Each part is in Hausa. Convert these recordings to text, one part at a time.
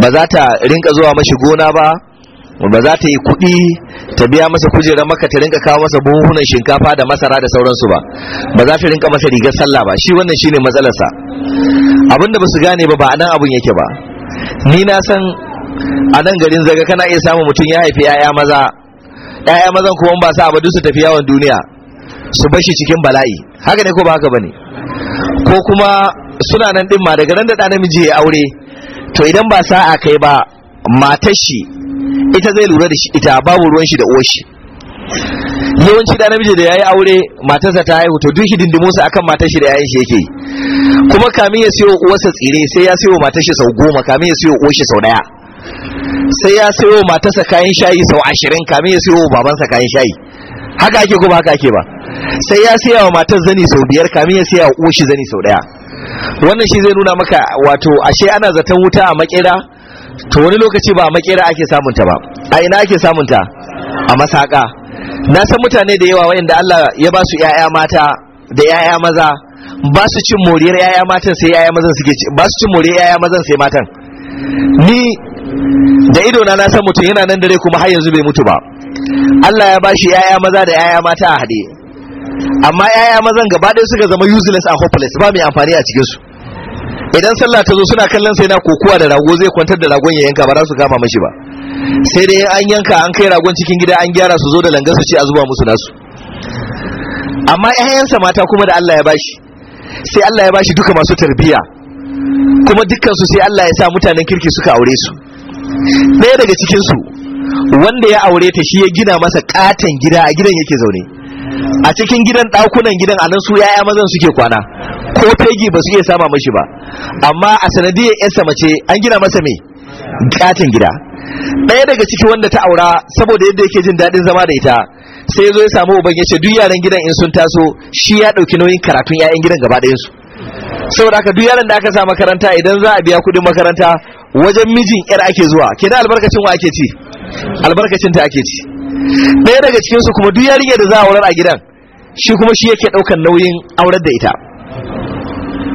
ba za ta rinka zuwa mashi gona ba ba za ta yi kuɗi ta biya masa kujerar maka ta rinka kawo masa buhunan shinkafa da masara da sauransu ba ba za ta rinka masa rigar sallah ba shi wannan shine matsalarsa abinda ba su gane ba ba anan abun yake ba ni na san a nan garin zaga kana iya samun mutum ya haifi 'ya'ya maza 'ya'ya mazan kuma ba sa abu su tafi yawon duniya su bashi cikin bala'i haka ne ko ba haka bane ko kuma suna nan din ma daga nan da ɗa namiji ya aure to idan ba sa'a kai ba matar shi ita zai lura da shi ita babu ruwan shi da uwar shi yawanci da namiji da yayi aure matarsa ta haihu to duk hidindimunsa akan matar shi da yayin shi yake kuma kamin ya siyo uwarsa tsire sai ya siyo matar shi sau goma kamin ya siyo uwar shi sau daya sai ya siyo matarsa kayan shayi sau ashirin kamin ya siyo babansa kayan shayi haka ake ko ba haka ake ba sai ya siya wa matar zani sau biyar kamin ya siya wa uwar shi zani sau daya wannan shi zai nuna maka wato ashe ana zaton wuta a makera to wani lokaci ba a makera ake samunta ba a ina ake samunta a masaka na san mutane da yawa wayanda Allah ya ba su 'ya'ya mata da 'ya'ya maza ba su cin moriyar 'ya'ya matan sai 'ya'ya mazan suke ba su cin moriyar 'ya'ya mazan sai matan ni da ido na na san mutum yana nan dare kuma har yanzu bai mutu ba Allah ya bashi 'ya'ya maza da 'ya'ya mata a hade amma yaya mazan gaba ɗaya suka zama useless and hopeless ba mai amfani a cikin su idan sallah ta zo suna kallon sai na kokowa da rago zai kwantar da ragon ya yanka ba za su kama mashi ba sai dai an yanka an kai ragon cikin gida an gyara su zo da langa su ce a zuba musu nasu amma ƴaƴansa mata kuma da Allah ya bashi sai Allah ya bashi duka masu tarbiyya kuma dukkan su sai Allah ya sa mutanen kirki suka aure su ɗaya daga cikin su wanda ya aure ta shi ya gina masa katon gida a gidan yake zaune a cikin gidan ɗakunan gidan anan su yaya mazan suke kwana ko fegi ba su iya sama mashi ba amma a sanadiyar yarsa mace an gina masa me katin gida ɗaya daga ciki wanda ta aura saboda yadda yake jin daɗin zama da ita sai zo ya samu uban ya ce duk yaran gidan in sun taso shi ya ɗauki nauyin karatun 'ya'yan gidan gaba su saboda haka duk yaran da aka sa makaranta idan za a biya kuɗin makaranta wajen mijin 'yar ake zuwa kenan albarkacin wa ake ci albarkacin ta ake ci ɗaya daga cikin su kuma duk yarinya da za a aurar a gidan shi kuma shi yake ɗaukar nauyin aurar da ita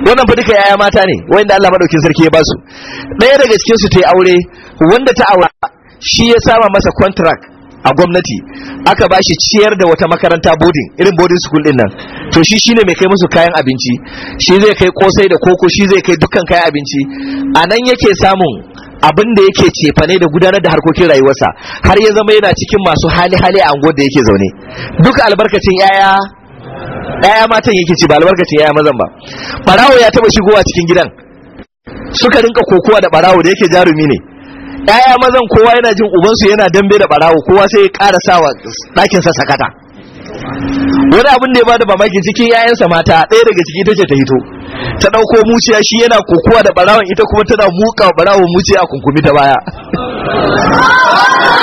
wannan fa duka yaya mata ne wanda Allah madaukin sarki ya ba su ɗaya daga cikin su ta yi aure wanda ta aura shi ya sama masa contract a gwamnati aka ba shi ciyar da wata makaranta boarding irin boarding school din nan to shi shine mai kai musu kayan abinci shi zai kai kosai da koko shi zai kai dukkan kayan abinci a nan yake samun abin da yake cefane da gudanar da harkokin rayuwarsa har ya zama yana cikin masu hali hali a unguwar da yake zaune duk albarkacin yaya yaya matan yake ci ba albarkacin yaya mazan ba barawo ya taba shigowa cikin gidan suka rinka kokowa da barawo da yake jarumi ne yaya mazan kowa yana jin ubansu yana dambe da barawo kowa sai ya ƙara sawa ɗakinsa sakata wani abin da ya bada mamaki cikin yayansa mata ɗaya daga ciki ita ce ta hito ta ɗauko muciya shi yana kokowa da barawon ita kuma tana muka barawon muciya a kunkumi ta baya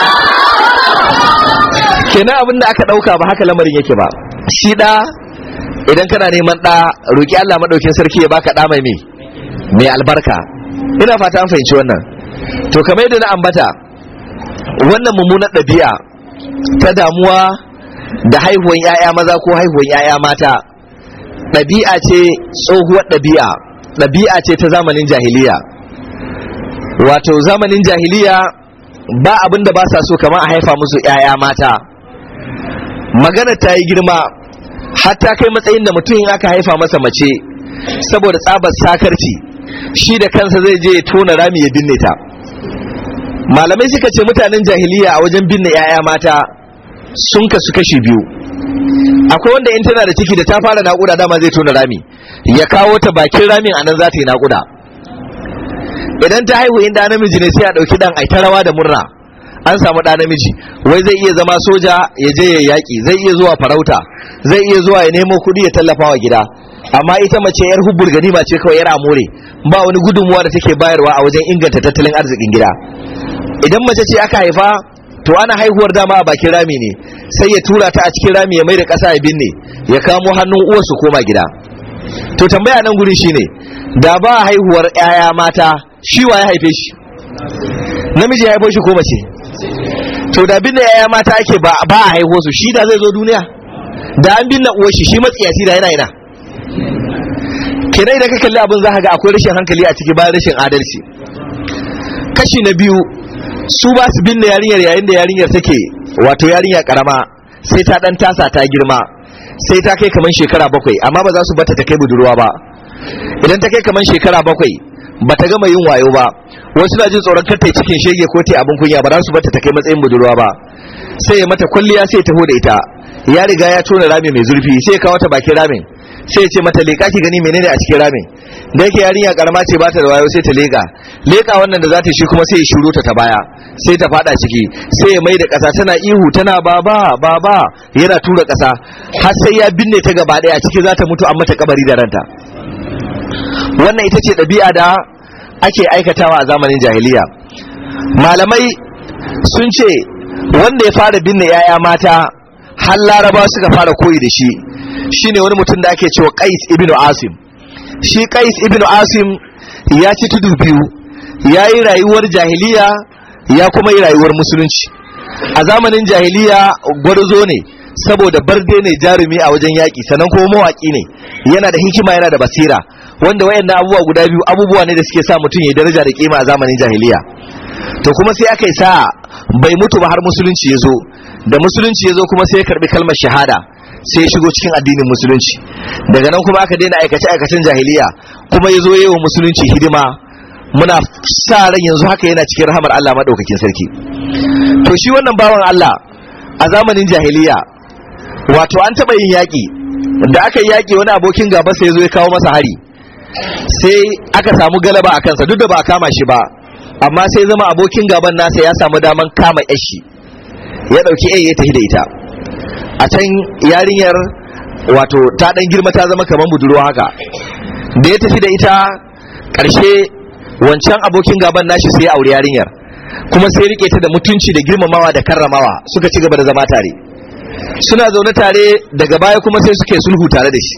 kenan abin da aka ɗauka ba haka lamarin yake ba shi ɗa idan kana neman ɗa roƙi Allah maɗaukin sarki ya baka ɗa mai me mai albarka ina fata an fahimci wannan to kamar yadda na ambata wannan mummunar ɗabi'a ta damuwa da haihuwan 'ya'ya maza ko haihuwan 'ya'ya mata ɗabi'a ce tsohuwar ɗabi'a ɗabi'a ce ta zamanin jahiliya wato zamanin jahiliya ba abin da ba sa so kamar a haifa musu 'ya'ya mata magana ta yi girma hatta kai matsayin da mutum aka haifa masa mace saboda tsabar sakarci shi da kansa zai je tona rami ya binne ta malamai suka ce mutanen jahiliya a wajen binne 'ya'ya mata sun kasu kashi biyu akwai wanda in tana da ciki da ta fara nakuda dama zai tona rami ya kawo ta bakin ramin anan za ta yi nakuda idan ta haihu inda namiji ne sai a ɗauki ɗan ai ta rawa da murna an samu ɗa namiji wai zai iya zama soja ya je ya yaki zai iya zuwa farauta zai iya zuwa ya nemo kuɗi ya tallafa wa gida amma ita mace yar hubbul ganima ce kawai yar amure ba wani gudunmuwa da take bayarwa a wajen inganta tattalin arzikin gida idan mace ce aka haifa to ana haihuwar dama a bakin rami ne sai ya tura ta a cikin rami ya mai da ƙasa ya binne ya kamo hannun uwar su koma gida to tambaya nan gurin shine da ba haihuwar ƴaƴa mata shi wa ya haife shi namiji ya haife shi ko mace to da binne ƴaƴa mata ake ba ba a haihuwar su shi da zai zo duniya da an binne uwar shi shi matsiyaci da yana yana kenan idan ka kalli abin za ka ga akwai rashin hankali a ciki bayan rashin adalci kashi na biyu su ba su binne yarinyar yayin da yarinyar take wato yarinya karama sai ta dan tasa ta girma sai ta kai kaman shekara bakwai amma ba za su bata ta kai budurwa ba idan ta kai kaman shekara bakwai ba ta gama yin wayo ba wasu na jin tsoron kar ta cikin shege ko ta abin kunya ba za su bata ta kai matsayin budurwa ba sai ya mata kwalliya sai ya taho da ita ya riga ya tona rami mai zurfi sai ya kawo ta bakin ramin sai ya ce mata leka ki gani menene a cikin ramin da yake yarinya karama ce bata da wayo sai ta leka leka wannan da za ta shi kuma sai ya shiro ta baya sai ta fada ciki sai ya mai da kasa tana ihu tana baba baba yana tura kasa har sai ya binne ta gaba daya a ciki za ta mutu an mata kabari da ranta wannan ita ce ɗabi'a da ake aikatawa a zamanin jahiliya malamai sun ce wanda ya fara binne 'ya'ya mata har laraba suka fara koyi da shi shine wani mutum da ake cewa qais ibnu asim shi qais ibnu asim ya ci tudu biyu ya yi rayuwar jahiliya ya kuma yi rayuwar musulunci a zamanin jahiliya gwarzo ne saboda barde ne jarumi a wajen yaƙi sannan kuma mawaƙi ne yana da hikima yana da basira wanda wayannan abubuwa guda biyu abubuwa ne da suke sa mutum ya daraja da kima a zamanin jahiliya to kuma sai aka yi bai mutu ba har musulunci ya zo da musulunci ya zo kuma sai ya karbi kalmar shahada sai ya shigo cikin addinin musulunci daga nan kuma aka daina aikace aikacen jahiliya kuma ya zo wa musulunci hidima muna sa ran yanzu haka yana cikin rahamar Allah madaukakin sarki to shi wannan bawan Allah a zamanin jahiliya wato an taba yin yaƙi da aka yi yaƙi wani abokin gaba sai ya zo ya kawo masa hari sai aka samu galaba a kansa duk da ba a kama shi ba amma sai zama abokin gaban nasa ya samu daman kama yashi ya dauki yan ya tafi da ita a can yarinyar wato ta dan girma ta zama kamar budurwa haka da ya tafi da ita karshe wancan abokin gaban nashi sai ya auri yarinyar kuma sai rike ta da mutunci da girmamawa da karramawa suka ci gaba da zama tare suna zaune tare daga baya kuma sai suke sulhu tare da shi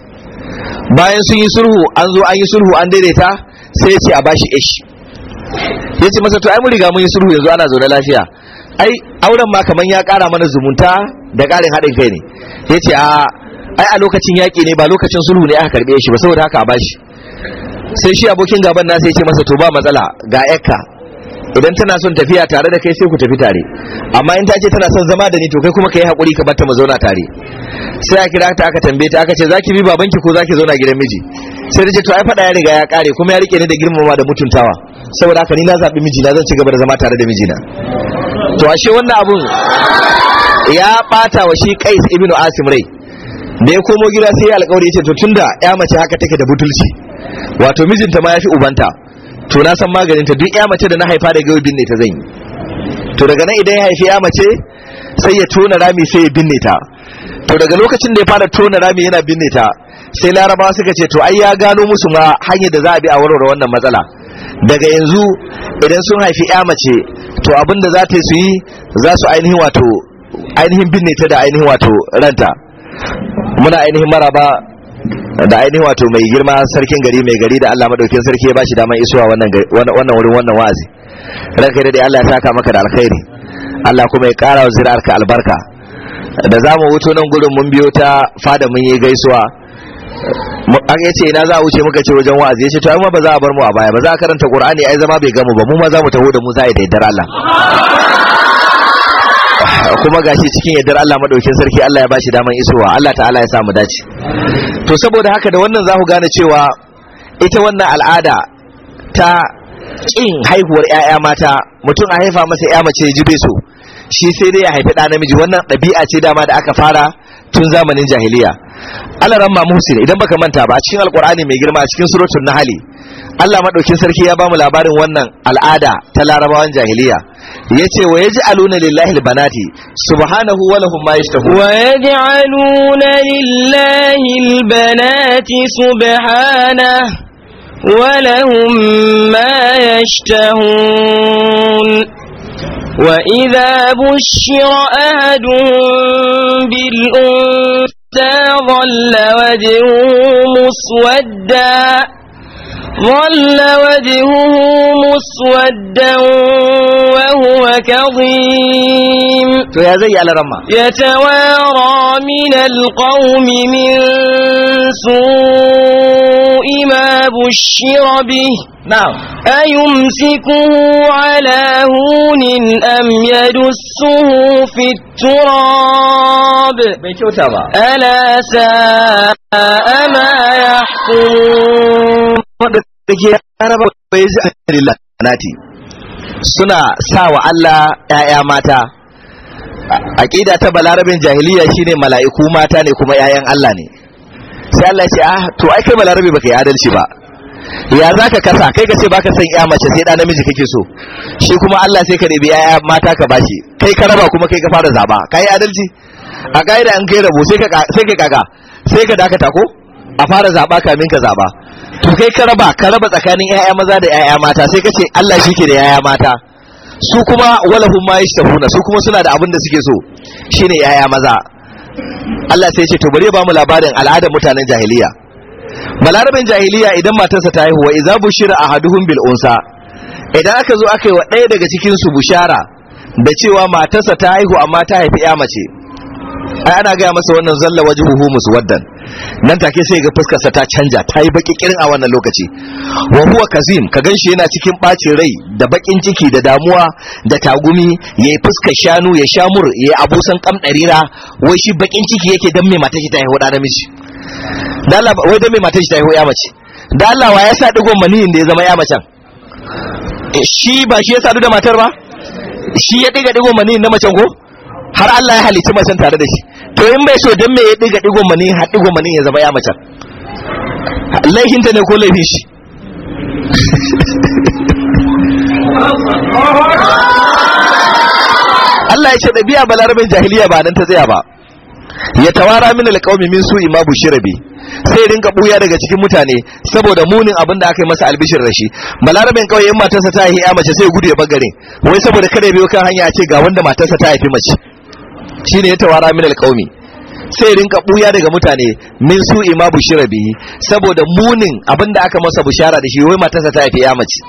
bayan sun yi sulhu an zo an yi sulhu an daidaita sai ce a bashi ishi ya ce masa to ai mun riga mun yi sulhu yanzu ana zaune lafiya ai auren ma kaman ya kara mana zumunta da karin haɗin kai ne ya ce a ai a lokacin yaƙi ne ba lokacin sulhu ne aka karɓe shi ba saboda haka a bashi sai shi abokin gaban nasa ya ce masa to ba matsala ga yakka idan tana son tafiya tare da kai sai ku tafi tare amma in ta ce tana son zama da ni to kai kuma kai hakuri ka batta mu zauna tare sai a kira ta aka tambaye ta aka ce zaki bi babanki ko zaki zauna gidan miji sai ta ce to ai fada ya riga ya kare kuma ya rike ni da girmama da mutuntawa saboda haka ni na zaɓi mijina zan ci gaba da zama tare da mijina to ashe wannan abun ya ɓata wa shi kais ibnu asim rai da ya komo gida sai ya alƙawari ya ce to tunda ya mace haka take da butulci wato mijinta ma ya fi ubanta to na san maganin ta duk ya mace da na haifa da gawi binne ta zan yi to daga nan idan ya haifi ya mace sai ya tona rami sai ya binne ta to daga lokacin da ya fara tona rami yana binne ta sai larabawa suka ce to ai ya gano musu ma hanyar da za a bi a warware wannan matsala daga yanzu idan sun haifi ya mace to abinda za ta su yi za su ainihin wato ainihin binne ta da ainihin wato ranta muna ainihin maraba da ainihin wato mai girma sarkin gari mai gari da Allah madaukin sarki ya bashi daman isuwa wannan wannan wurin wannan wa'azi ranka da Allah ya saka maka da alkhairi Allah kuma ya kara wa zirarka albarka da zamu wuto nan gurin mun biyo ta fada mun yi gaisuwa an yace ina za a wuce muka ce wajen wa'azi yace to ai ba za a bar mu a baya ba za a karanta qur'ani ai zama bai gamu ba mu ma za mu taho da mu za a yaddar Allah kuma gashi cikin yaddar Allah madaukin sarki Allah ya bashi daman isowa Allah ta'ala ya sa mu dace to saboda haka da wannan za ku gane cewa ita wannan al'ada ta kin haihuwar 'ya'ya mata mutum a haifa masa 'ya mace ya ji bai so shi sai dai ya haifi ɗa namiji wannan ɗabi'a ce dama da aka fara tun zamanin jahiliya Allah ramma Muhsin idan baka manta ba cikin alqur'ani mai girma cikin suratul Nahl Allah madaukin sarki ya bamu labarin wannan al'ada ta larabawan jahiliya yace wa yaj'aluna lillahi albanati subhanahu wa lahum ma yashtahu wa yaj'aluna lillahi albanati subhanahu wa lahum ma yashtahun وإذا بشر أَحَدٌ بالأنثى ظل وجهه مسودا ظل وجهه مسودا وهو كظيم يتوارى من القوم من سوء ما بشر به نعم أيمسكه على هون أم يدسه في التراب ألا ساء ما يحكم da yaraba bai ji alillah nati suna sa wa Allah ‘ya'ya mata aƙida ta balarabin jahiliya shine mala'iku mata ne kuma ‘ya'yan Allah ne sai Allah ce ah to ai kai balarabi baka yi adalci ba ya za ka kasa kai ka ce ba ka san ya mace sai da namiji kake so shi kuma Allah sai ka ɗebi 'ya'ya mata ka bashi kai ka raba kuma kai ka fara zaba ka yi adalci a ƙa'ida in kai rabo sai ka kaga sai ka dakata ko a fara zaba kamin ka zaba to kai ka raba ka raba tsakanin yaya maza da yaya mata sai ka ce Allah shi ke da yaya mata su kuma walahum ma yashtahuna su kuma suna da abin da suke so shine yaya maza Allah sai ya ce to bari ba mu labarin al'ada mutanen jahiliya balarabin jahiliya idan matarsa ta haihuwa idza bushira ahaduhum bil unsa idan aka zo aka yi wa ɗaya daga cikin su bushara da cewa matarsa ta haihu amma ta haifi ya mace ai ana gaya masa wannan zalla wajhuhu muswaddan nan take sai ga fuskar sa ta canja ta yi baki kirin a wannan lokaci wa huwa kazim ka ganshi yana cikin bacin rai da bakin ciki da damuwa da tagumi yayi fuskar shanu ya shamur yayi abusan kam darira wai shi bakin ciki yake dan mata shi ta haihu da miji da Allah wai dan mata shi ta haihu ya mace da Allah wa ya sa digon maniyin da ya zama ya macen eh, shi ba shi ya sadu da matar ba shi ya diga digon maniyin na macen ko har Allah ya halicci macen tare da shi to in bai so dan me ya diga digo mani ha digo mani ya zama ya macen laifin ta ne ko laifin shi Allah ya ce ɗabi'a balarabin jahiliya ba nan ta tsaya ba ya tawara min alqaumi min su ima bushirabi sai rinka buya daga cikin mutane saboda munin abin da aka yi masa albishir da shi balarabin kawai in matarsa ta ya mace sai gudu ya bagare wai saboda kada ya biyo kan hanya a ce ga wanda matarsa ta haifi mace shine ya tawara min alqaumi sai rinka buya daga mutane min su ima bushira bihi saboda munin abin da aka masa bushara da shi wai matarsa ta haifi ya mace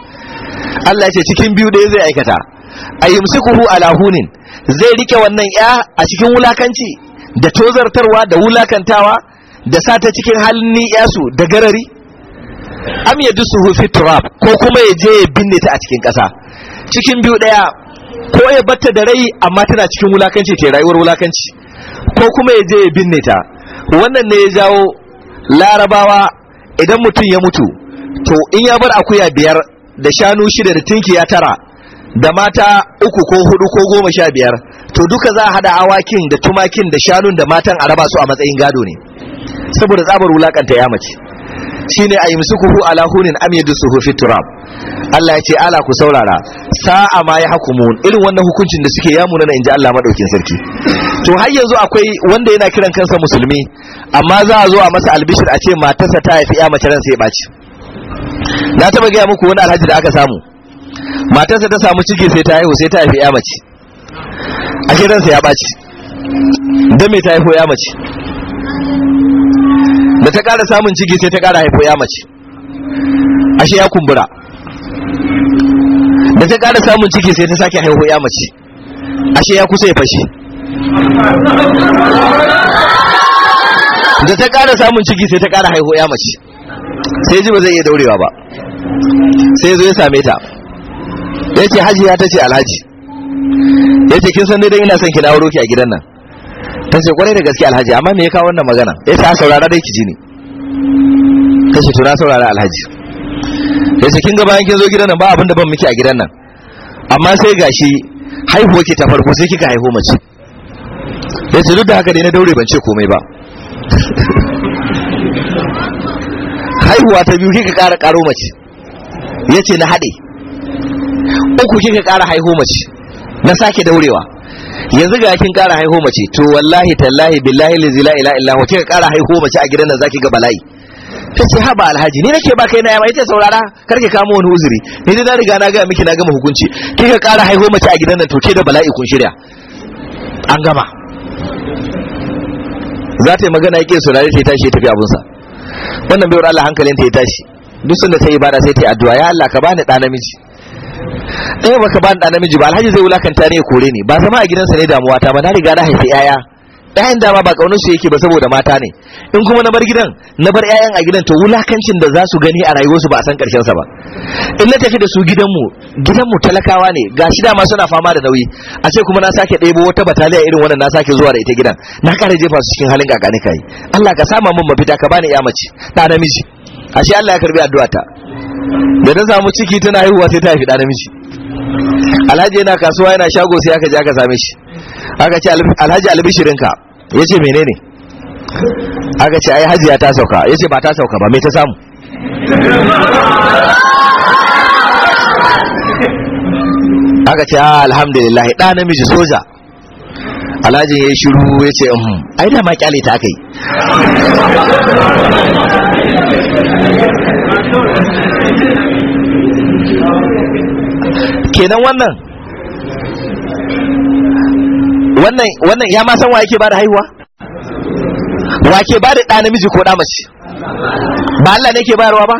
Allah ya ce cikin biyu ɗaya zai aikata ayyumsikuhu ala hunin zai rike wannan ya a cikin wulakanci da tozartarwa da wulakantawa da sata cikin halin yasu da garari am yadusuhu fi turab ko kuma ya je ya binne ta a cikin ƙasa cikin biyu ɗaya ko ya batta da rai amma tana cikin wulakanci ke rayuwar wulakanci ko kuma ya je ya binne ta wannan ne ya jawo larabawa idan mutum ya mutu to in ya bar akuya biyar da shanu shida da ya tara da mata uku ko hudu ko goma sha biyar to duka za a hada awakin da tumakin da shanun da matan a raba su a matsayin gado ne saboda tsabar wulakanta ya mace shine a yimsukuhu ala hunin am yadsuhu fi turab Allah ya ce ala ku saurara sa'a ma ya hukumun irin wannan hukuncin da suke ya munana inji Allah madaukin sarki to har yanzu akwai wanda yana kiran kansa musulmi amma za a zo a masa albishir a ce matarsa ta haifi ya mace ransa ya baci na taba gaya muku wani alhaji da aka samu matarsa ta samu ciki sai ta haihu sai ta haifi ya mace a ransa ya baci don me ta haihu ya mace da ta ƙara samun ciki sai ta ƙara haifo ya mace ashe ya kumbura da ta ƙara samun ciki sai ta sake haifo ya mace ashe ya kusa ya fashe da ta ƙara samun ciki sai ta ƙara haifo ya mace sai ji ba zai iya daurewa ba sai zo ya same ta ya ce hajiya ta ce alhaji ya ce kin san dai ina son ki dawo roki a gidan nan ta ce kwarai da gaske alhaji amma me ya kawo wannan magana ya sa saurara dai ki ji ne ta ce tuna saurara alhaji ya ce kin ga bayan kin zo gidan nan ba abin da ban miki a gidan nan amma sai gashi haihuwa ke ta farko sai kika haihu mace ya ce duk da haka dai na daure ban ce komai ba haihuwa ta biyu kika ƙara ƙaro mace ya ce na haɗe uku kika ƙara haihu mace na sake daurewa yanzu ga kin ƙara haihu mace to wallahi tallahi billahi lizi la illallah illa ka ƙara haihu mace a gidan nan zaki ga bala'i ta ce haba alhaji ni nake ba kai na yamma ita saurara kar ki kama wani uzuri ni dai na riga na ga miki na gama hukunci ka ƙara haihu mace a gidan nan to ke da bala'i kun shirya an gama za ta yi magana yake saurare ta tashi ya tafi abunsa wannan baiwar Allah hankalinta ya tashi duk da ta yi ibada sai ta yi addu'a ya Allah ka bani ɗa namiji ɗaya eh, baka ba da namiji ba alhaji zai wulakanta ne kore ne ba zama a gidansa ne damuwa ta ba na riga na haifi yaya ɗayan dama ba ƙaunar su yake ba saboda mata ne in kuma na bar gidan na bar ƴaƴan a gidan to wulakancin da za su gani a rayuwarsu ba a san ƙarshen sa ba in na tafi da su gidanmu gidanmu talakawa ne Ga shi dama suna fama da nauyi a ce kuma na sake ɗebo wata bataliya irin wannan na sake zuwa da ita gidan na ƙara jefa su cikin halin kakani kai Allah ka sama min mafita ka bani ya mace ɗa namiji ashe Allah ya karbi addu'a da ta samu ciki tana haihuwa sai ta haifi ɗa namiji alhaji yana kasuwa yana shago sai aka je aka same shi aka ce alhaji albishirinka ya ce menene aka ce ai hajiya ta sauka ya ce ba ta sauka ba me ta samu aka ce ah, alhamdulillah ɗa namiji soja alhaji ya yi shiru ya ce uhm, ai da ma kyale ta aka yi kenan wannan wannan wannan ya ma san wa yake bada haihuwa wa ke bada ɗa namiji ko da mace ba Allah ne ke bayarwa ba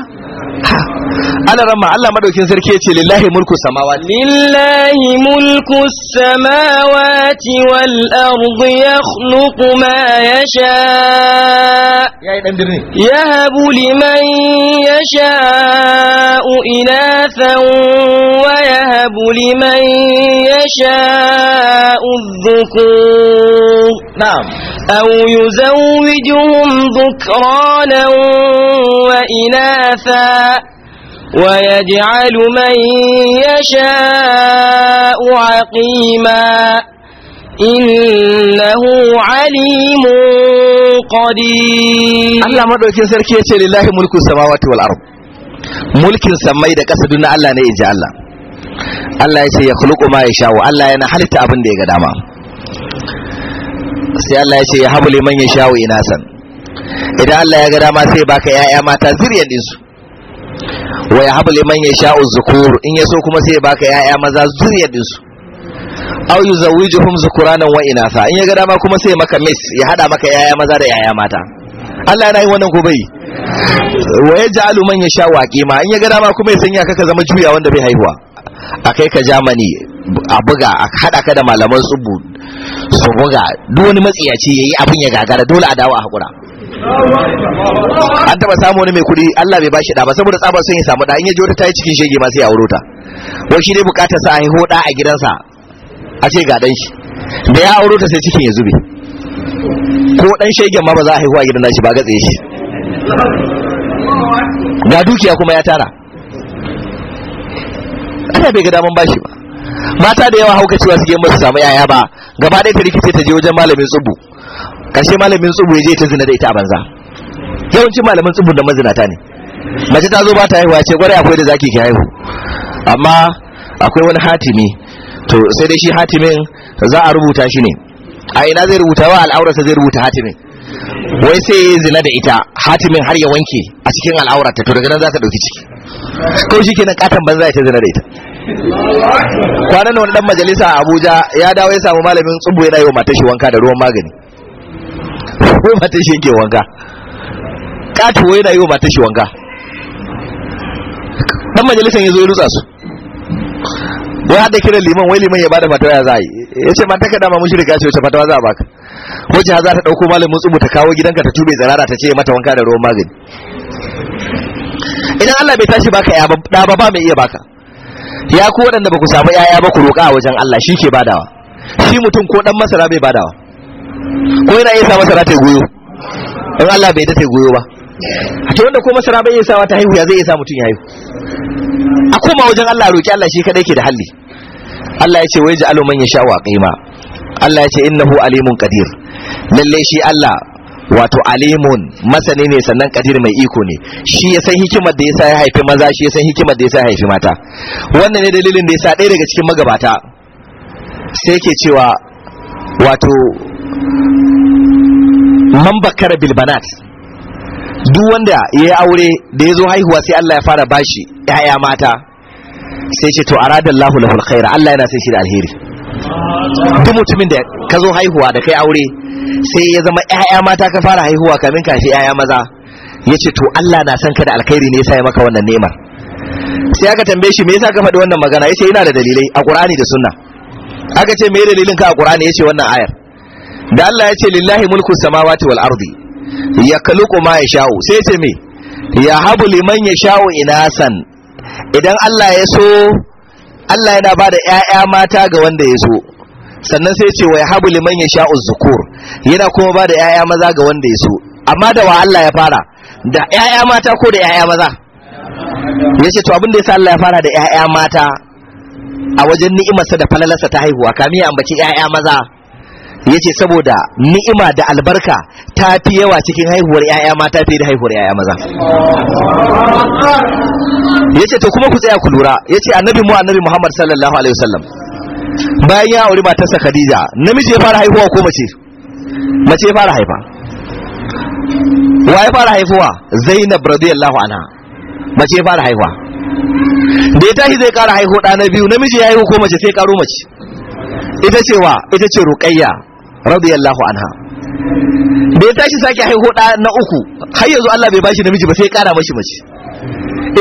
ana rama Allah madaukin sarki yace lillahi mulku samawati lillahi mulku samawati wal ardi yakhluqu ma yasha yayi dan birni yahabu liman yasha inathan wa yahabu liman yasha الذكور نعم أو يزوجهم ذكرانا وإناثا ويجعل من يشاء عقيما إنه عليم قدير الله ما دوكين سركي يتي لله ملك السماوات والأرض ملك سمي da kasa duna Allah الله Allah Allah ce ya khuluqu ma yasha'u Allah yana halitta abin da ya ga dama sai Allah ce ya habu liman ina san. idan Allah ya ga dama sai baka yaya mata zuriyan dinsu wa ya haɓa liman ya sha'u zukuru in ya so kuma sai ya baka ya'ya maza zuriya dinsu au yi zawi juhun zukuranan wa inasa in ya ga dama kuma sai maka mis ya haɗa maka ya'ya maza da ya'ya mata Allah yana yi wannan ko bai wa ya ja aluman ya sha waƙi ma in ya ga dama kuma ya sanya ka ka zama juya wanda bai haihuwa a kai ka jamani a buga a haɗa ka da malaman tsubu su buga duk wani matsiyaci yayi abin ya gagara dole a dawo a hakura an taba samu wani mai kuɗi Allah bai bashi da ba saboda tsaba sun yi samu da in ya jota ta yi cikin shege ma sai ya wuro ta wai shi dai bukatar sa ai hoda a gidansa a ce ga dan shi da ya auro ta sai cikin ya zube ko dan shegen ma ba za a haihu a gidan shi ba tsaye shi ga dukiya kuma ya tara ana bai ga daman bashi ba mata da yawa hauka cewa suke masu samu yaya ba gaba ɗaya ta rikice ta je wajen malamin tsubu kashe malamin tsubu ya je ta zina da ita a banza yawancin malamin tsubu da mazinata ne mace ta zo ba ta haihuwa ce kwarai akwai da zaki ki haihu amma akwai wani hatimi to sai dai shi hatimin za a rubuta shi ne a ina zai rubuta wa al'aurarsa zai rubuta hatimin wai sai ya zina da ita hatimin har ya wanke a cikin al'aurarta to daga nan za ta ɗauki ciki ko shi kenan katon banza ya ta zina da ita kwanan wani dan majalisa a abuja ya dawo ya samu malamin tsubu yana yi wa matashi wanka da ruwan magani ko matashi yake wanka katuwa yana yi wa matashi wanka dan majalisan ya zo ya rutsa su ya hada kira liman wai liman ya bada fatawa ya za yi ya ce mata ka dama mun shirya ce wace fatawa za a baka wacce za ta ɗauko malamin tsubu ta kawo gidanka ta tube zarara ta ce mata wanka da ruwan magani idan Allah bai tashi baka ya ba ba mai iya baka ya ku waɗanda ba ku samu yaya ba ku roƙa a wajen Allah shi ke badawa shi mutum ko dan masara bai badawa ko yana iya sa masara ta goyo in Allah bai da ta goyo ba A to wanda ko masara bai iya sawa ta haihu ya zai iya sa mutum ya haihu a koma wajen Allah roƙi Allah shi kadai ke da halli Allah ya ce wai ja'alu man yasha wa qima Allah ya ce innahu alimun qadir lalle shi Allah wato alimun masani ne sannan kadir mai iko ne shi ya san hikimar da yasa ya haifi maza shi ya san hikimar da yasa ya haifi mata wannan ne dalilin da yasa ɗaya daga cikin magabata sai ke cewa wato man bakara bilbanat duk wanda ya yi aure da ya zo haihuwa sai Allah ya fara bashi 'ya'ya mata sai ce to aradallahu lahul khaira Allah yana sai shi da alheri duk mutumin da ka zo haihuwa da kai aure sai ya zama ƴaƴa mata ka fara haihuwa kamin ka shi 'ya'ya maza ya ce to Allah na san ka da alkhairi ne yasa ya maka wannan nemar sai aka tambaye shi me yasa ka faɗi wannan magana yace ina da dalilai a Qur'ani da Sunna aka ce me dalilin ka a Qur'ani yace wannan ayar da Allah ya ce lillahi mulku samawati wal ardi yakhluqu ma yasha'u sai ya ce me ya habu liman ya yasha'u inasan idan Allah ya so Allah yana ba da ‘ya'ya mata ga wanda ya so sannan sai ce wa ya habu liman ya sha yana kuma ba da ‘ya'ya maza ga wanda ya so amma da wa Allah ya fara da ‘ya'ya mata ko da ‘ya'ya maza ya ce to abin da ya sa Allah ya fara da ‘ya'ya mata a wajen ni'imarsa da falalarsa ta haihuwa kamiyya ambaci ‘ya'ya maza yace saboda ni'ima da albarka ta fi yawa cikin haihuwar 'ya'ya mata fi da haihuwar 'ya'ya maza yace to kuma ku tsaya ku lura yace annabi mu annabi Muhammad sallallahu alaihi wasallam bayan ya aure matarsa Khadija namiji ya fara haihuwa ko mace mace ya fara haifa wa ya fara haifuwa Zainab radiyallahu anha mace ya fara haihuwa da ya tashi zai kara haihu ɗa na biyu namiji ya haihu ko mace sai karo mace ita ce wa ita ce ruqayya radiyallahu anha bai tashi sake haihu da na uku har yanzu Allah bai bashi namiji ba sai ya kara mashi mace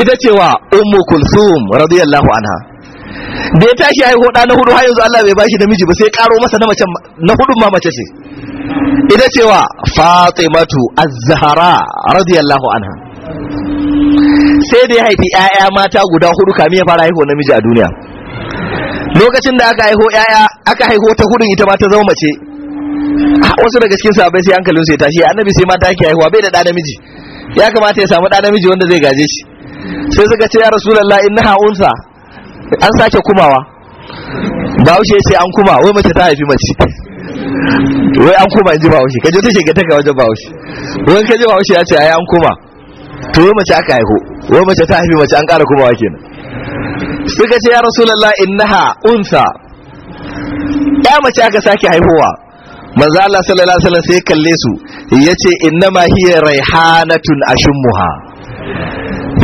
ita cewa ummu kulsum radiyallahu anha da ya tashi haihu da na hudu har yanzu Allah bai bashi namiji ba sai ya karo masa na mace na hudun ma mace ce ita cewa fatimatu az-zahra radiyallahu anha sai da ya haifi ƴaƴa mata guda hudu kamin ya fara haihuwa namiji a duniya lokacin da aka haihu ƴaƴa aka haihu ta hudun ita ma ta zama mace wasu daga cikin sahabbai sai hankalin su ya tashi annabi sai mata yake haihuwa bai da da namiji ya kamata ya samu da namiji wanda zai gaje shi sai suka ce ya rasulullah innaha unsa an sake kumawa bahaushe sai an kuma wai mace ta haifi mace wai an kuma inji bahaushe kaje ta shege ta wajen bahaushe wai kaje bahaushe ya ce ai an kuma to wai mace aka haihu wai mace ta haifi mace an ƙara kumawa kenan suka ce ya rasulullah innaha unsa ya mace aka sake haihuwa manzo Allah sallallahu alaihi wasallam sai kalle su yace innama hiya raihanatun ashummuha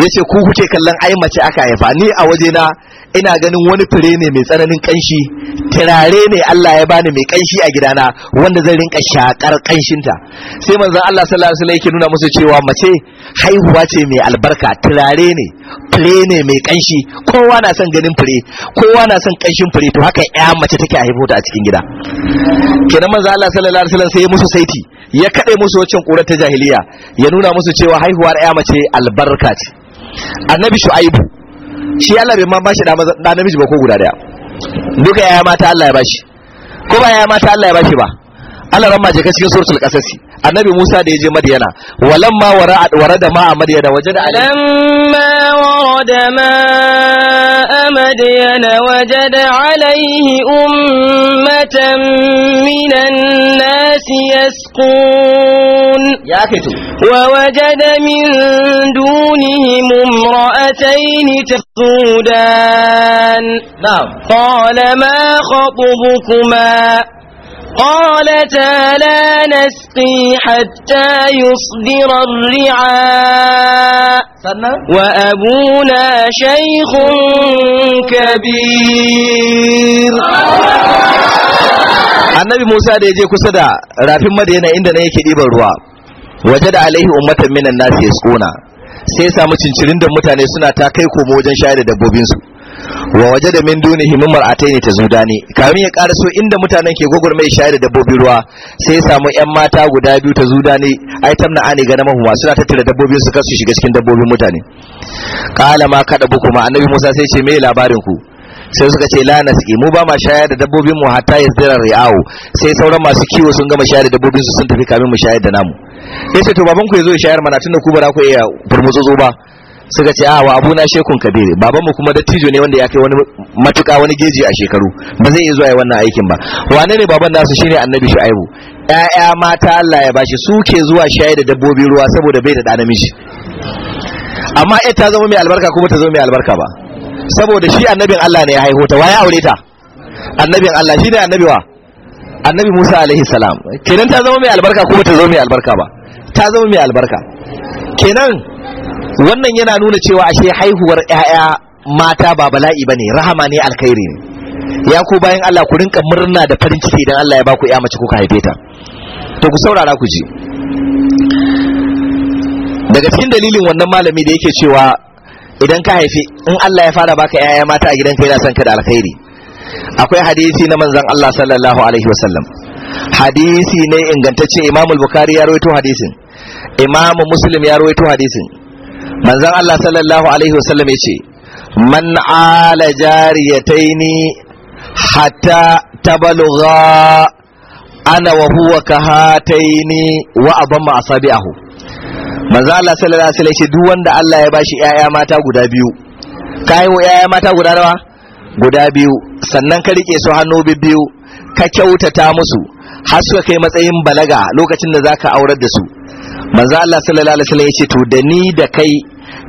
yace ku kuke kallon ai mace aka haifa ni a waje na ina ganin wani fure ne mai tsananin kanshi turare ne Allah ya bani mai kanshi a gidana wanda zan rinka shakar kanshinta sai manzon Allah sallallahu alaihi wasallam yake nuna musu cewa mace haihuwa ce mai albarka turare ne fure ne mai kanshi kowa na son ganin fure kowa na son kanshin fure to haka ya mace take haihu da a cikin gida kenan manzon Allah sallallahu alaihi wasallam sai ya musu saiti ya kade musu wacin kura ta jahiliya ya nuna musu cewa haihuwar ya mace albarka ce annabi shu'aibu shi Allah bai ma bashi da namiji ba ko guda daya duka yaya mata Allah ya bashi ko ba yaya mata Allah ya bashi ba Allah ramma je ka cikin suratul qasas annabi Musa da yaje Madiyana walamma warad warada ma a Madiyana wajada alamma warada ma a Madiyana wajada alaihi ummatan minan nasi yasqun ya kai wa wajada min dunihim imra'atayn tasudan na'am qala ma khatubukuma قالتا لا نسقي حتى يصدر الرعاء وأبونا شيخ كبير annabi musa da ya je kusa da rafin madina inda na yake ɗiban ruwa waje da alaihi ummatan minan nasi ya sai samu cincirin da mutane suna ta kai komo wajen shayar da dabbobinsu wa waje da min dunihi min ta zudani kamin ya karaso inda mutanen ke gogurmai shayar da dabbobin ruwa sai ya samu yan mata guda biyu ta zudani ai tamna ani ga mahuma suna tattara dabbobin su kasu shiga cikin dabbobin mutane qala ma kada buku kuma annabi Musa sai ce me labarin ku sai suka ce la nasqi mu ba ma shayar da dabbobin mu hatta yazdira ri'au sai sauran masu kiwo sun gama shayar da dabbobin su sun tafi kamin mu shayar da namu yace to baban ku yazo ya shayar mana tunda ku ba ku iya furmutsu ba suka ce a ah, wa abuna shekun kabiri babanmu kuma dattijo ne wanda ya kai wani matuka wani geji a shekaru ba zai iya zuwa wannan aikin ba wane ne baban nasu shine annabi shu'aibu ƴaƴa mata Allah ya bashi suke zuwa shayi da dabbobi ruwa saboda bai da ɗa namiji amma ita ta zama mai albarka kuma ta zama mai albarka ba saboda shi annabin Allah ne ya haihu ta waye aure ta annabin Allah shi ne annabi wa annabi Musa alaihi salam kenan ta zama mai albarka kuma ta zama mai albarka ba ta zama mai albarka kenan wannan yana nuna cewa ashe haihuwar ƴaƴa mata ba bala'i bane rahama ne alkhairi ne ya ku bayan Allah ku rinka murna da farin ciki idan Allah ya baku ƴa mace kuka haife ta to ku saurara ku ji daga cikin dalilin wannan malami da yake cewa idan ka haifi in Allah ya fara baka ƴaƴa mata a gidan ka yana son ka da alkhairi akwai hadisi na manzon Allah sallallahu alaihi wasallam hadisi ne ingantacce Imamul Bukari bukhari ya rawaito hadisin imamu Muslim ya rawaito hadisin Manzan Allah sallallahu alaihi wasallam yace man ala jariyataini hatta tabalugha ana wa huwa kahataini wa abamma asabi'ahu Manzan Allah sallallahu alaihi wasallam duk wanda Allah ya bashi yaya mata guda biyu kai wa yaya mata guda nawa guda biyu sannan ka rike su hannu biyu ka kyautata musu har suka kai matsayin balaga lokacin da zaka aurar da su manzo Allah sallallahu alaihi wasallam yace to da ni da kai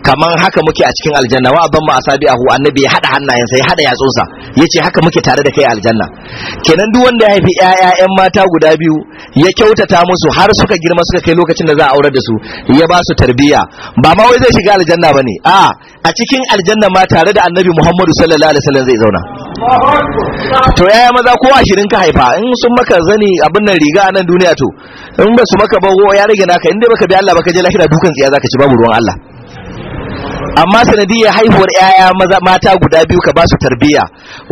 kaman haka muke a cikin aljanna wa abban asabi'ahu annabi ya hada hannayensa ya hada yatsunsa yace haka muke tare da kai aljanna kenan duk wanda ya haifi ƴaƴa ƴan mata guda biyu ya kyautata musu har suka girma suka kai lokacin da za a aurar da su ya ba su tarbiyya ba ma wai zai shiga aljanna bane a a cikin aljanna ma tare da annabi Muhammadu sallallahu alaihi wasallam zai zauna to yaya maza ko ashirin ka haifa in sun maka zani abin nan riga a nan duniya to in ba su maka ba ya rage naka in dai baka bi Allah baka je lahira dukan tsiya zaka ci babu ruwan Allah amma sanadiyar haihuwar 'ya'ya mata guda biyu ka ba su tarbiyya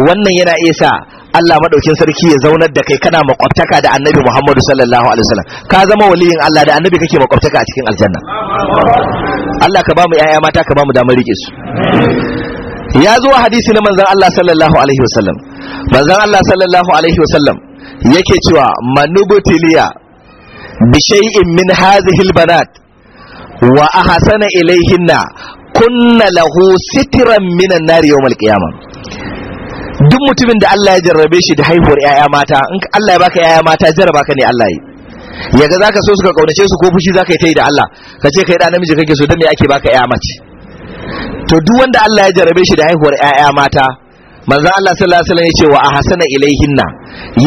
wannan yana iya sa Allah madaukin sarki ya zaunar da kai kana makwabtaka da annabi Muhammadu sallallahu alaihi wasallam ka zama waliyin Allah da annabi kake makwabtaka a cikin aljanna Allah ka ba mu 'ya'ya mata ka ba mu damar rike su ya zo hadisi na manzon Allah sallallahu alaihi wasallam manzon Allah sallallahu alaihi wasallam yake cewa manubutiliya bi shay'in min hadhihi albanat wa ahsana ilayhinna kunna lahu sitiran minan nari yawmal qiyamah duk mutumin da Allah ya jarrabe shi da haihuwar yaya mata in Allah ya baka yaya mata jarraba ka ne Allah yi yaga zaka so suka kaunace su ko fushi zaka yi ta yi da Allah ka ce kai da namiji kake so dan me ake baka yaya mace to duk wanda Allah ya jarrabe shi da haihuwar yaya mata manzo Allah sallallahu alaihi wasallam ya ce wa ahsana ilaihinna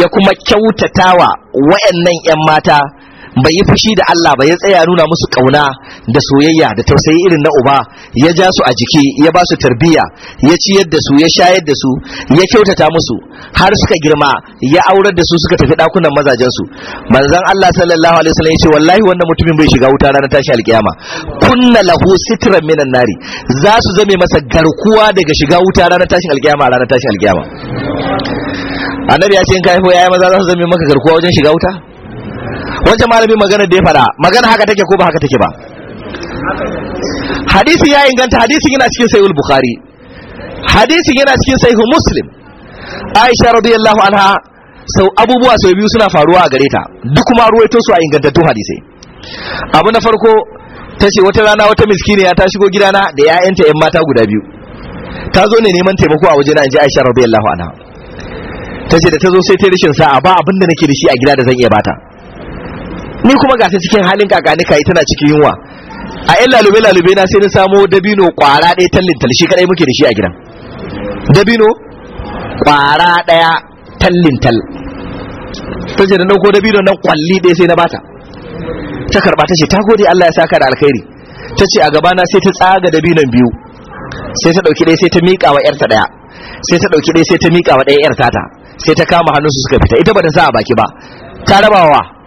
ya kuma kyautatawa wayannan yan mata bai yi fushi da Allah ba ya tsaya nuna musu kauna da soyayya da tausayi irin na uba ya ja su a jiki ya ba su tarbiyya ya ci da su ya shayar da su ya kyautata musu har suka girma ya aurar da su suka tafi dakunan mazajen su manzon Allah sallallahu alaihi wasallam ya ce wallahi wannan mutumin bai shiga wuta ranar tashi alkiyama kunna lahu sitran minan nari za su zame masa garkuwa daga shiga wuta ranar tashin alkiyama ranar tashin alkiyama annabi ya ce in kai haifo yaya maza za su zame maka garkuwa wajen shiga wuta wancan malami magana da ya faɗa magana haka take ko ba haka take ba hadisi ya inganta hadisin yana cikin sahihul bukhari hadisin yana cikin sahihul muslim aisha radiyallahu anha sau abubuwa sau biyu suna faruwa a gare ta duk kuma ruwaito su a ingantattun hadisai abu na farko ta ce wata rana wata miskiniya ta shigo gidana da 'ya'yanta 'yan mata guda biyu ta zo ne neman taimako a wajen na inji aisha radiyallahu anha ta ce da ta zo sai ta rishin sa'a ba abin da nake da shi a gida da zan iya bata ni kuma ga cikin halin kakanika kai tana cikin yunwa a yan lalube lalube na sai na samo dabino kwara ɗaya tallin talshi kadai muke da shi a gidan dabino kwara ɗaya tallin tal ta ce da dauko dabino nan kwalli ɗaya sai na bata ta karɓa ta ce ta gode Allah ya saka da alkhairi ta ce a gabana sai ta tsaga dabinon biyu sai ta ɗauki ɗaya sai ta miƙa wa ‘yarta ɗaya sai ta ɗauki ɗaya sai ta miƙa wa ɗaya ‘yarta ta sai ta kama hannunsu suka fita ita ba ta sa a baki ba ta rabawa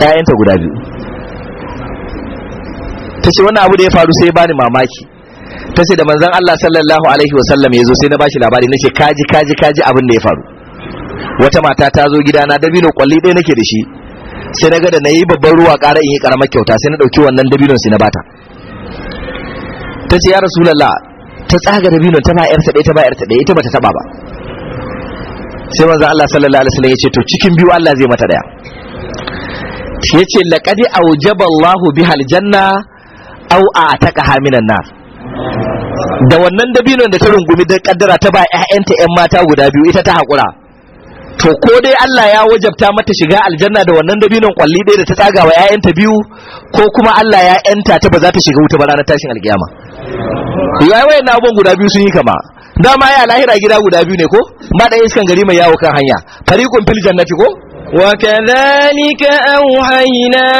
ƴaƴanta guda biyu ta ce wani abu da ya faru sai bani mamaki ta ce da manzan Allah sallallahu alaihi wasallam ya zo sai na bashi labari na ce kaji kaji kaji abin da ya faru wata mata ta zo gidana dabino kwalli ɗaya nake da shi sai na ga da na yi babban ruwa ƙara in yi ƙaramar kyauta sai na ɗauki wannan dabinon sai na bata ta ce ya rasulallah ta tsaga dabinon ta ba yarsa ɗaya ta ba ƴarsa ɗaya ita bata taɓa ba sai manzon Allah sallallahu alaihi wasallam ya ce to cikin biyu Allah zai mata ɗaya ya ce laƙadi aujaballahu bihal janna au a taƙa haminan da wannan dabinon da ta rungumi da kaddara ta ba 'ya'yanta 'yan mata guda biyu ita ta haƙura to ko dai Allah ya wajabta mata shiga aljanna da wannan dabinon kwalli ɗaya da ta tsaga wa 'ya'yanta biyu ko kuma Allah ya 'yanta ta ba za ta shiga wuta ba ranar tashin alkiyama ya wayan na guda biyu sun yi kama dama ya lahira gida guda biyu ne ko ba da iskan gari mai yawo kan hanya fariqun fil jannati ko وكذلك أوحينا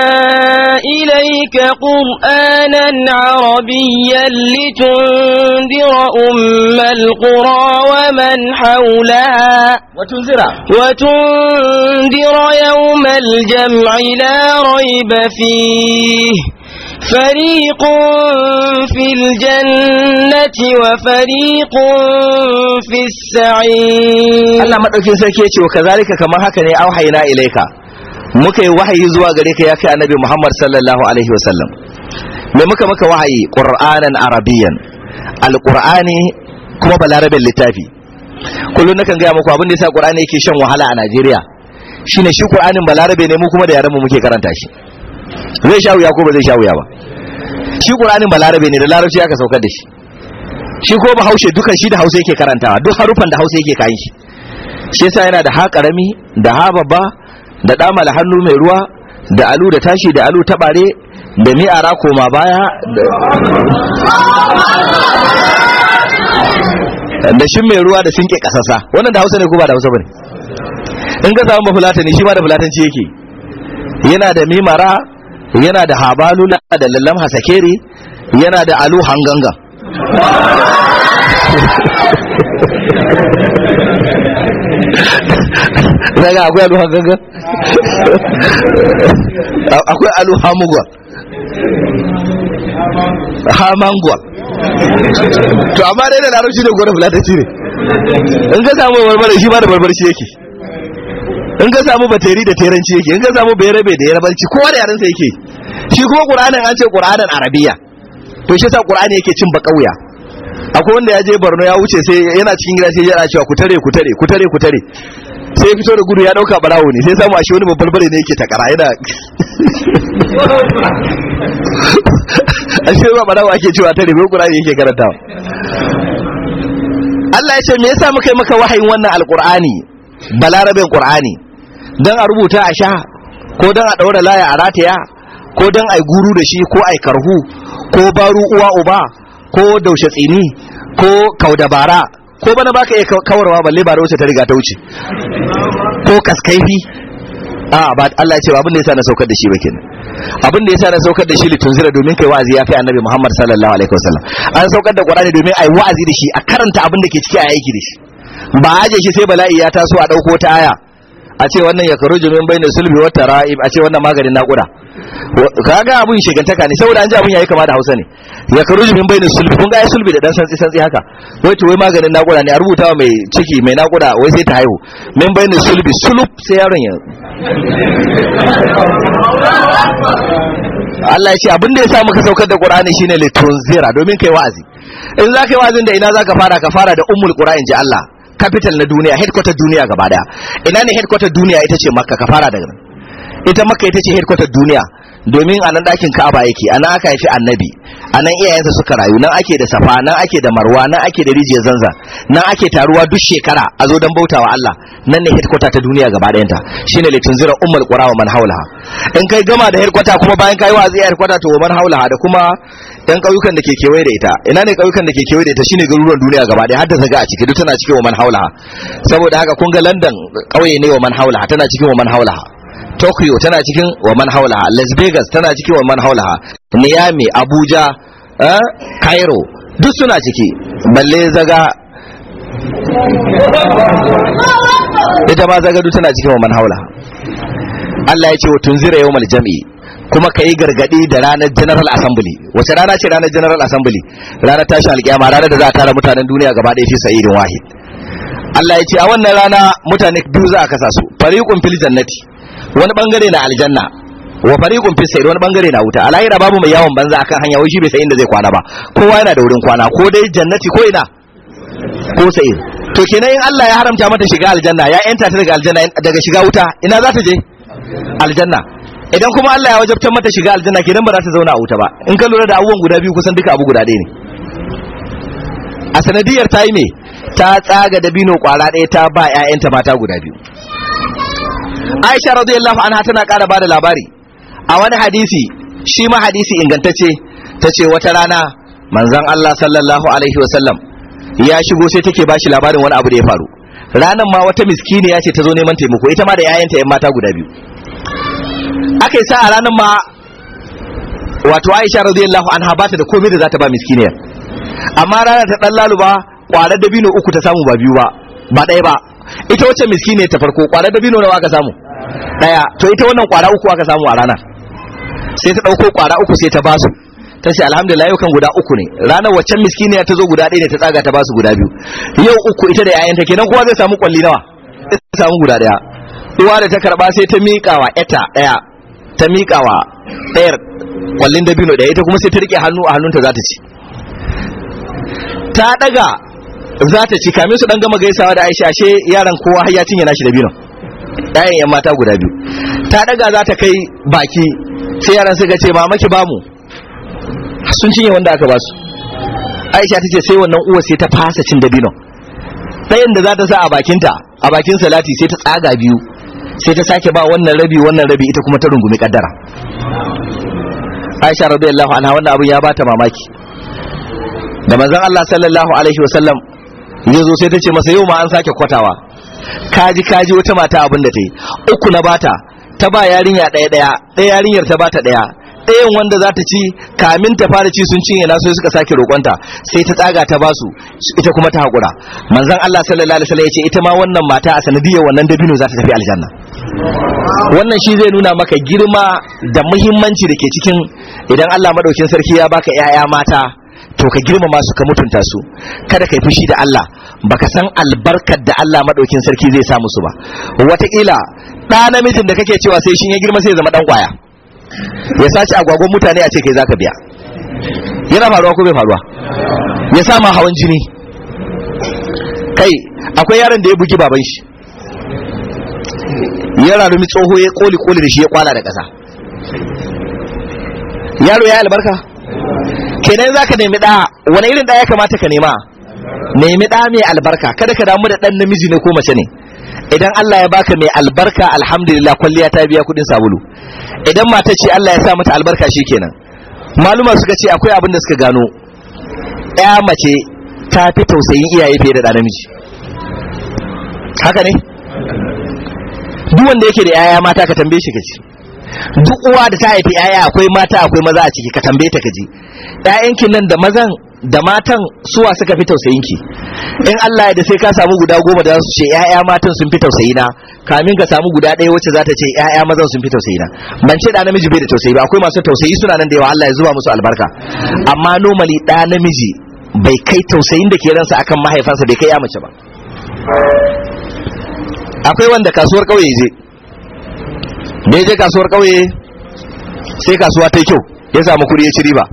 إليك قرآنا عربيا لتنذر أم القرى ومن حولها وتنذر, وتنذر يوم الجمع لا ريب فيه فريق في الجنة وفريق في السعير الله مدوكين sarki yace wa kazalika kamar haka ne auhayna ilaika muka yi wahayi zuwa gare ka ya kai annabi Muhammad sallallahu alaihi wa sallam. me muka maka wahayi qur'anan arabiyan alqur'ani kuma balarabin littafi na kan gaya muku abin da yasa qur'ani yake shan wahala a Najeriya shine shi qur'anin balarabe ne mu kuma da yaran mu muke karanta shi zai sha wuya ko ba zai sha wuya ba shi qur'anin balarabe ne da larabci aka saukar da shi shi ko ba haushe dukan shi da hausa yake karantawa duk harufan da hausa yake kayan shi shi yasa yana da ha karami da ha babba da dama da hannu mai ruwa da alu da tashi da alu tabare da mi ara koma baya da shin mai ruwa da sinke kasasa wannan da hausa ne ko ba da hausa bane in ka samu bafulata ne shi ma da fulatanci yake yana da mimara yana da habanu na da lallam hasakeri yana da alu hanganga daga akwai alu hanganga akwai alu hamugwa hamangwa to amma dai da larabci ne gwada fulatanci ne in ka samu barbara shi ba da barbar shi yake in ka samu bateri da teranci yake in ka samu bayarabe da yarabarci kowa da yarinsa yake shi ko qur'anin an ce qur'anin arabiya to shi sa qur'ani yake cin ba kauya akwai wanda ya je Borno ya wuce sai yana cikin gida sai yana cewa ku tare ku tare ku tare ku tare sai fito da gudu ya dauka barawo ne sai samu ashe wani babbar bare ne yake takara yana ashe ba barawo ake cewa tare bai qur'ani yake karantawa Allah ya ce me yasa muka yi maka wahayin wannan alqur'ani balarabin qur'ani dan a rubuta a sha ko dan a daura laya a rataya ko don ai guru da shi ko ai karhu ko baru uwa uba ko daushe tsini ko kaudabara ko bana baka iya kawarwa balle ba wacce ta riga ta wuce ko kaskaifi a ba Allah ya ce abin da yasa na saukar da shi ba kenan abin da yasa na saukar da shi zira domin kai wa'azi ya kai annabi Muhammad sallallahu alaihi wasallam an saukar da Qur'ani domin ai wa'azi da shi a karanta abin da ke ciki a aiki da shi ba aje shi sai bala'i ya taso a dauko ta aya a ce wannan ya karuju min na sulbi wata tara'ib a ce wannan maganin Ka kaga abun shekantaka ne saboda an ji abun yayi kama da Hausa ne ya karuju min na sulbi kun ga ya sulbi da dan santsi santsi haka wai to wai maganin naƙuda ne a rubuta mai ciki mai naƙuda wai sai ta haihu min na sulbi sulub sai yaron ya Allah ya ce abin da ya sa muka saukar da Qur'ani shine litunzira domin kai wa'azi in za ka yi wa'azin da ina za ka fara ka fara da ummul Qur'an ji Allah capital na duniya headquarter duniya gaba daya ina ne headquarter duniya ita ce makka ka fara daga nan ita makka ita ce headquarter duniya domin a nan ɗakin ka'aba yake a nan aka haifi annabi a nan iyayensa suka rayu nan ake da safa nan ake da marwa nan ake da rijiyar zanza nan ake taruwa duk shekara a zo don bautawa Allah nan ne headquarter ta duniya gaba ɗayanta shine litin zira ummul qura wa man haulaha in kai gama da headquarter kuma bayan kai wazi headquarter to wa man haulaha da kuma dan ƙauyukan da ke kewaye da ita ina ne ƙauyukan da ke kewaye da ita shine garuruwan duniya gaba ɗaya har da zaga a ciki duk tana cikin wa man haulaha saboda haka kun ga London kauye ne wa man haulaha tana cikin wa man haulaha tokyo tana cikin wa man haulaha las vegas tana cikin wa man haulaha niyami abuja eh, cairo duk suna ciki balle zaga ita ma zaga duk tana cikin wa man haulaha Allah ya ce wa tunzira yawmal jam'i kuma ka yi gargadi da ranar general assembly wace rana ce ranar general assembly ranar tashi alkiyama ranar da za a tara mutanen duniya gaba ɗaya fi sa'irin wahid Allah ya ce a wannan rana mutane biyu za a kasa su fariqun fil jannati wani bangare na aljanna wa fariqun fis sayr wani bangare na wuta alahira babu mai yawon banza akan hanya wai shi bai san inda zai kwana ba kowa yana da wurin kwana ko dai jannati ko ina ko sayr to kenan in Allah ya haramta mata shiga aljanna ya yanta ta daga aljanna daga shiga wuta ina za ta je aljanna idan kuma Allah ya wajabtar mata shiga aljanna kenan ba za ta zauna a wuta ba in ka lura da abubuwan guda biyu kusan duka abu guda ɗaya ne a sanadiyar ta yi me ta tsaga dabino kwara ɗaya ta ba 'ya'yanta mata guda biyu aisha radiyallahu anha tana ƙara bada labari a wani hadisi shi ma hadisi ingantacce ta ce wata rana manzan Allah sallallahu alaihi wasallam ya shigo sai take bashi labarin wani abu da ya faru ranan ma wata miskiniya ce ta zo neman taimako ita ma da 'ya'yanta 'yan mata guda biyu aka sa a ranan ma wato Aisha radiyallahu anha ba ta da komai da za ta ba miskiniyar amma rana ta dan laluba kwarar dabino uku ta samu ba biyu ba ba ɗaya ba ita wacce miskine ta farko kwarar dabino nawa aka samu ɗaya to ita wannan kwara uku aka samu a ranar sai ta ɗauko kwara uku sai ta basu ta ce alhamdulillah yau kan guda uku ne ranar waccan miskiniya ta zo guda ɗaya ne ta tsaga ta basu guda biyu yau uku ita da yayanta kenan kowa zai samu kwalli nawa zai samu guda ɗaya uwa da ta karba sai ta miƙa wa ƴata ɗaya ta miƙa wa ɗayar kwallin dabino ɗaya ita kuma sai ta riƙe hannu a hannunta za ta ci ta ɗaga za ta ci kamin su dan gama gaisawa da Aisha ashe yaran kowa har ya cinye nashi da binon ɗayan yan mata guda biyu ta daga za ta kai baki sai yaran suka ce mama ki bamu sun cinye wanda aka basu Aisha ta ce sai wannan uwa sai ta fasa cin da binon ɗayan da za ta sa a bakinta a bakin salati sai ta tsaga biyu sai ta sake ba wannan rabi wannan rabi ita kuma ta rungumi kaddara Aisha radiyallahu anha wannan abin ya bata mamaki da manzon Allah sallallahu alaihi wasallam ya zo sai ta ce masa yau ma an sake kwatawa kaji kaji wata mata abin da ta yi uku na bata ta ba yarinya ɗaya ɗaya ɗaya yarinyar ta bata ɗaya ɗayan wanda za ta ci kamin ta fara ci sun cinye nasu suka sake roƙonta sai ta tsaga ta basu ita kuma ta haƙura manzon Allah sallallahu alaihi wasallam ya ce ita ma wannan mata a sanadiyar wannan dabino za ta tafi aljanna wannan shi zai nuna maka girma da muhimmanci da ke cikin idan Allah madaukin sarki ya baka 'ya'ya mata to ka girmama su ka mutunta su kada ka yi fushi da Allah baka san albarkar da Allah madaukin sarki zai sa musu ba wataƙila ɗa namijin da kake cewa sai shi ya girma sai ya zama ɗan ƙwaya ya sace agwagon mutane a ce kai zaka biya yana faruwa ko bai faruwa ya sa ma hawan jini kai akwai yaron da ya bugi baban shi ya rarumi tsoho ya koli koli da shi ya kwana da ƙasa yaro ya albarka kenan zaka nemi da wani irin da ya kamata ka nema nemi da mai albarka kada ka damu da dan namiji ne ko mace ne idan Allah ya baka mai albarka alhamdulillah kwalliya ta biya kuɗin sabulu idan mata ce Allah ya sa mata albarka shikenan maluma suka ce akwai abin da suka gano ya mace ta fi tausayin iyaye fiye da da namiji haka ne duk wanda yake da yaya mata ka tambaye shi ka kace duk uwa da ta haifi yaya akwai mata akwai maza a ciki ka tambaye ta kaji ƴaƴanki nan da mazan da matan suwa suka fi ki in Allah ya da sai ka samu guda goma da su ce 'ya'ya matan sun fi tausayina kamin ka samu guda ɗaya wacce za ta ce 'ya'ya mazan sun fi tausayina ban ce da namiji bai da tausayi ba akwai masu tausayi suna nan da yawa Allah ya zuba musu albarka amma normally da namiji bai kai tausayin da ke ransa akan mahaifansa bai kai ya mace ba akwai wanda kasuwar kauye je da ya je kasuwar kauye sai kasuwa ta kyau ya samu kuri ya ci riba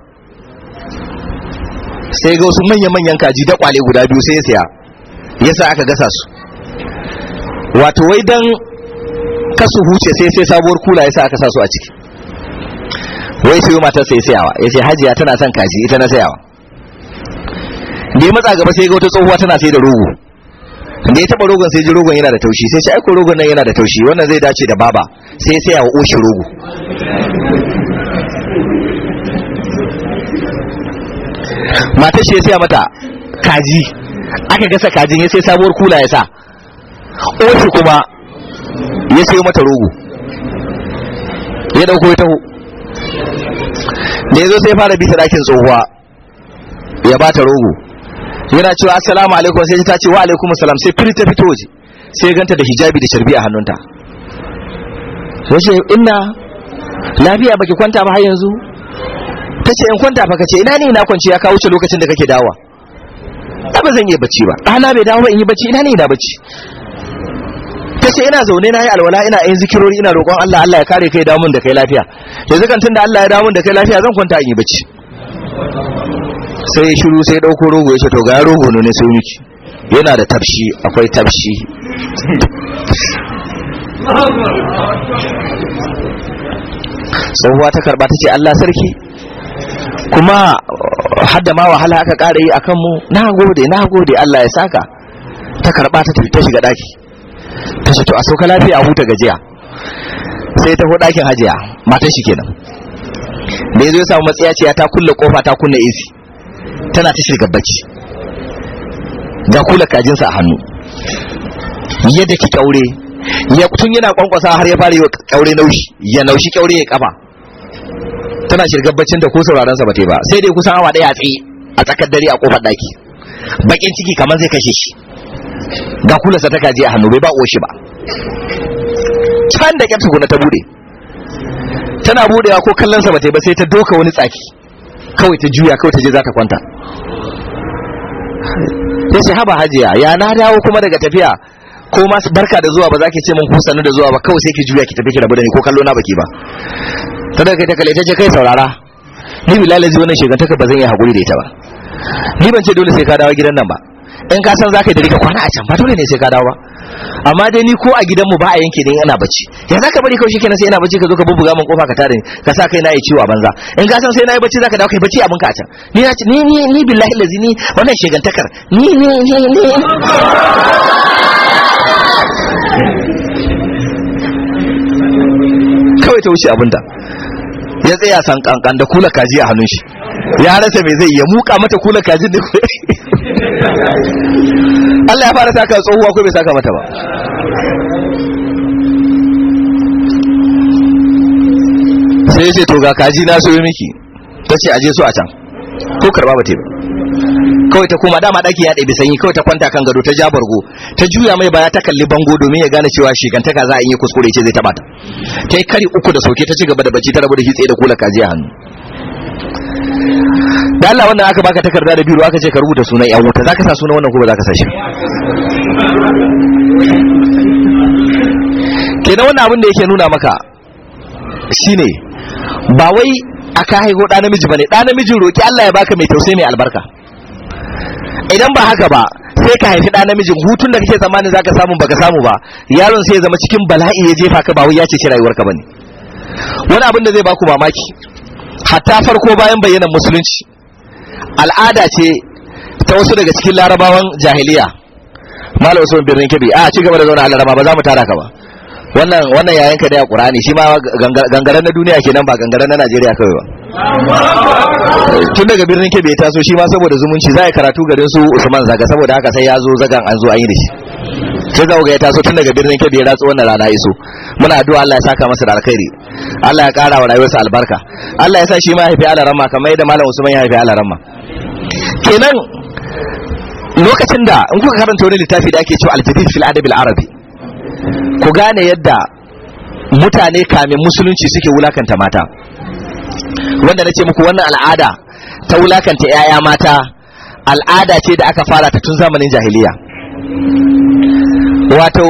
sai ga wasu manya-manyan kaji da kwale guda biyu sai ya saya ya sa aka gasa su wato wai dan kasu huce sai sai sabuwar kula ya sa aka sa su a ciki wai sai matar sai sayawa ya ce hajiya tana son kaji ita na sayawa da ya matsa gaba sai ga wata tsohuwa tana sai da rogo da ya taba rogon sai ji rogon yana da taushi sai ce aiko rogon nan yana da taushi wannan zai dace da baba sai sai wa oshi rogo mata shi ya saya mata kaji aka gasa kajin ya sai sabuwar kula ya sa oshi kuma ya sayo mata rogo ya dauko ya taho da ya zo sai fara bisa dakin tsohuwa ya bata rogo yana cewa assalamu alaikum sai ta ce wa alaikum assalam sai firi ta fito waje sai ganta da hijabi da sharbi a hannunta sai ce inna lafiya baki kwanta ba har yanzu ta ce in kwanta fa kace ina ne ina kwanci ya kawo lokacin da kake dawa na ba zan yi bacci ba ɗana bai dawo ba in yi bacci ina ne ina bacci ta ce ina zaune na yi alwala ina yin zikirori ina roƙon Allah Allah ya kare kai damun da kai lafiya yanzu kan tunda Allah ya damun da kai lafiya zan kwanta in yi bacci sai ya shiru sai ɗauko rogo ya ce to ga rogo ne sai miki yana da tafshi akwai tafshi tsohuwa ta karba ta ce Allah sarki kuma hadda ma wahala aka ƙara yi a kanmu na gode na gode Allah ya saka ta karba ta tafi ta shiga ɗaki ta ce to a sauka lafiya a huta gajiya sai ta ɗakin hajiya matan shi kenan me zai zo ya samu matsiya ce ta kulle kofa ta kunna isi tana ta shirga bacci ga kula kajinsa a hannu yadda ki kyaure ya tun yana kwankwasa har ya fara yi wa kyaure naushi ya naushi kyaure ya kafa tana shirga baccin da ko sauraron sa bate ba sai dai kusan awa daya a tsaye a tsakar dare a kofar daki bakin ciki kamar zai kashe shi ga kula sa ta kaji a hannu bai ba uwar shi ba can da kyar tukuna ta bude tana budewa ko kallon sa bate ba sai ta doka wani tsaki kawai ta juya kawai ta je za ta kwanta ya ce haba hajiya ya na dawo kuma daga tafiya ko ma barka da zuwa ba za ki ce mun kusa da zuwa ba kawai sai ki juya ki tafi ki rabu da ni ko kallo na baki ba ta daga kai ta kalle ta ce kai saurara ni bi zai wannan shegantaka ba zan yi hakuri da ita ba ni ban ce dole sai ka dawo gidan nan ba in ka san za ka yi da ka kwana a can ba dole ne sai ka dawo ba amma dai ni ko a gidanmu ba a yanke dan ina bacci ya zaka bari kawai shikenan sai ina bacci ka zo ka bubbuga min kofa ka tare ni ka sa kai na yi ciwo a banza in ka san sai na yi bacci zaka dawo kai bacci abin ka a can ni na ni ni ni billahi lazi ni wannan shegantakar ni ni ni ni kawai ta wuce abinda ya tsaya san kankan da kula kaji a hannun shi ya rasa mai zai ya muka mata kula kajin da Allah ya fara saka tsohuwa ko bai saka mata ba sai ce to ga kaji na so miki ta ce aje su a can ko karba ba ta ba kawai ta koma dama daki ya ɗabi sanyi kawai ta kwanta kan gado ta ja bargo ta juya mai baya ta kalli bango domin ya gane cewa shigantaka za a yi kuskure ce zai taɓa ta ta yi kari uku da sauke ta ci gaba da bacci ta rabu da shi tsaye da kula kaji a hannu da Allah wannan aka baka takarda da biro aka ce ka rubuta sunan yan wuta zaka sa sunan wannan ko ba zaka sa shi kenan wannan abin da yake nuna maka shine ba wai aka haihu ɗa namiji bane ɗa namijin roki Allah ya baka mai tausayi mai albarka idan ba haka ba sai ka haifi ɗa namijin hutun da kake tsammanin zaka samu baka samu ba yaron sai ya zama cikin bala'i ya jefa ka ba wai ya ce ceci rayuwarka bane wani abin da zai baku mamaki hatta farko bayan bayyanar musulunci al'ada ce ta wasu daga cikin larabawan jahiliya malam usman birnin kebbi a ci gaba da zauna a ba za mu tara ka ba wannan wannan yayan ka da ya qur'ani shi ma gangaren na duniya kenan ba gangaren na najeriya kawai ba tun daga birnin kebe ya taso shi ma saboda zumunci za a karatu garin su usman zaga saboda haka sai ya zo zagan an zo an yi da shi sai za ya taso tun daga birnin kebe ya ratsu wannan rana iso muna addu'a Allah ya saka masa da alkhairi Allah ya kara wa rayuwarsa albarka Allah ya sa shi ma haifi alaramma kamar yadda malam usman ya haifi alaramma kenan lokacin da in kuka karanta wani littafi da ake cewa aljadid fil adab al arabi ku gane yadda mutane kamin musulunci suke wulakanta mata wanda nace muku wannan al'ada ta wulakanta yaya mata al'ada ce da aka fara ta tun zamanin jahiliya wato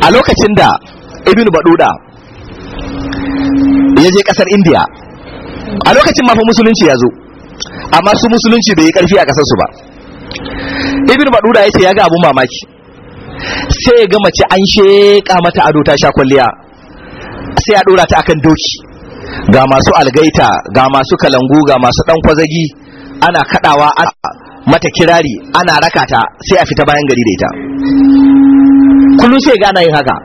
a lokacin da ibn baduda ya je kasar india a lokacin mafi musulunci ya zo amma su musulunci bai yi karfi a kasar su ba ibn baduda yace ya ga abun mamaki sai ya ga mace an sheka mata ado ta sha kwalliya sai ya dora ta akan doki ga masu algaita ga masu kalangu ga masu dan kwazagi ana kadawa mata kirari ana rakata sai a fita bayan gari da ita kullum sai gana yin haka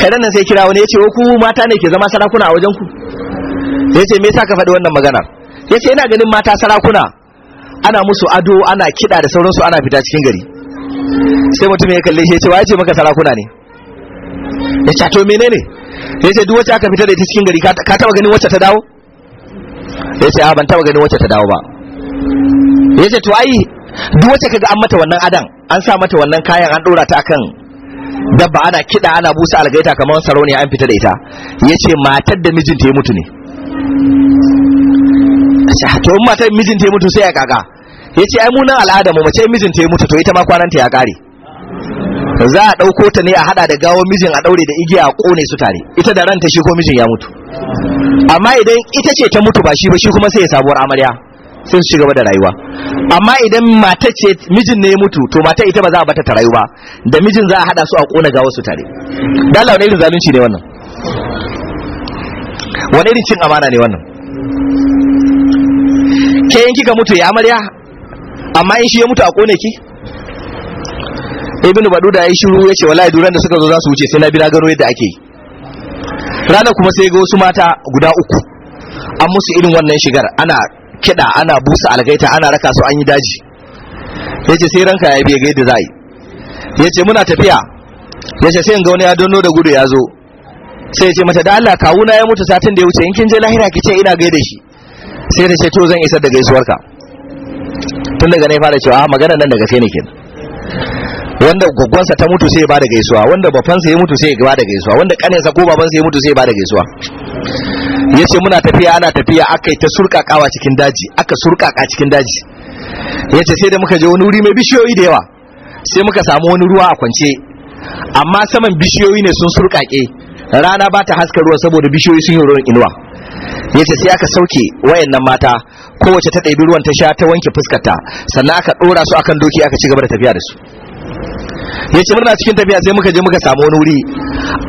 kadan nan sai kira wani ya ce ku mata ne ke zama sarakuna a wajen ku ya ce me yasa ka faɗi wannan magana ya ce yana ganin mata sarakuna ana musu ado ana kiɗa da sauransu ana fita cikin gari sai mutum ya kalle shi ya ce wa ya ce maka sarakuna ne ya ce to menene ya ce duk wacce aka fita da ita cikin gari ka taba ganin wacce ta dawo ya ce a ban taba ganin wacce ta dawo ba ya ce to ai duk wacce kaga an mata wannan adan an sa mata wannan kayan an dora ta akan dabba ana kiɗa ana busa algaita kamar sarauniya an fita da ita ya ce matar da mijinta ya mutu ne to in matar mijin ta mutu sai ya kaga ya ce ai mu nan al'ada mu mace mijin ta mutu to ita ma kwanan ta ya kare za a ɗauko ta ne a hada da gawo mijin a ɗaure da igiya a ƙone su tare ita da ranta shi ko mijin ya mutu amma idan ita ce ta mutu ba shi ba shi kuma sai ya sabuwar amarya sun su gaba da rayuwa amma idan mata ce mijin ne ya mutu to mata ita ba za a bata ta rayu ba da mijin za a hada su a kona gawo su tare da wani irin zalunci ne wannan wani irin cin amana ne wannan ke yin kika mutu ya amarya amma in shi ya mutu a kone ki ibnu baduda ya shiru ya ce wallahi duran da suka zo za su wuce sai na bi na gano yadda ake yi rana kuma sai ga wasu mata guda uku an musu irin wannan shigar ana kiɗa ana busa algaita ana raka su an yi daji ya ce sai ranka ya biya da za yi ya ce muna tafiya ya ce sai in ga wani ya dono da gudu ya zo sai ya ce mata da Allah kawuna ya mutu satin da ya wuce in kin je lahira ki ce ina gaida shi sai ta ce to zan isar da ka tun daga ne fara cewa ah, magana nan daga gaske ne kin wanda gwaggwansa ta mutu sai ya bada gaisuwa wanda sa ya mutu sai ya bada gaisuwa wanda sa ko babansa ya mutu sai ya bada gaisuwa ya ce muna tafiya ana tafiya aka yi ta surƙaƙawa cikin daji aka surƙaƙa cikin daji ya ce sai da muka je wani wuri mai bishiyoyi da yawa sai muka samu wani ruwa a kwance amma saman bishiyoyi ne sun surƙaƙe rana ba ta haska ruwa saboda bishiyoyi sun yi ruwan inuwa yace sai aka sauke wayannan mata kowace ta ɗebi ruwan ta sha ta wanke fuskarta sannan aka ɗora su akan doki aka ci gaba da tafiya da su yace muna cikin tafiya sai muka je muka samu wani wuri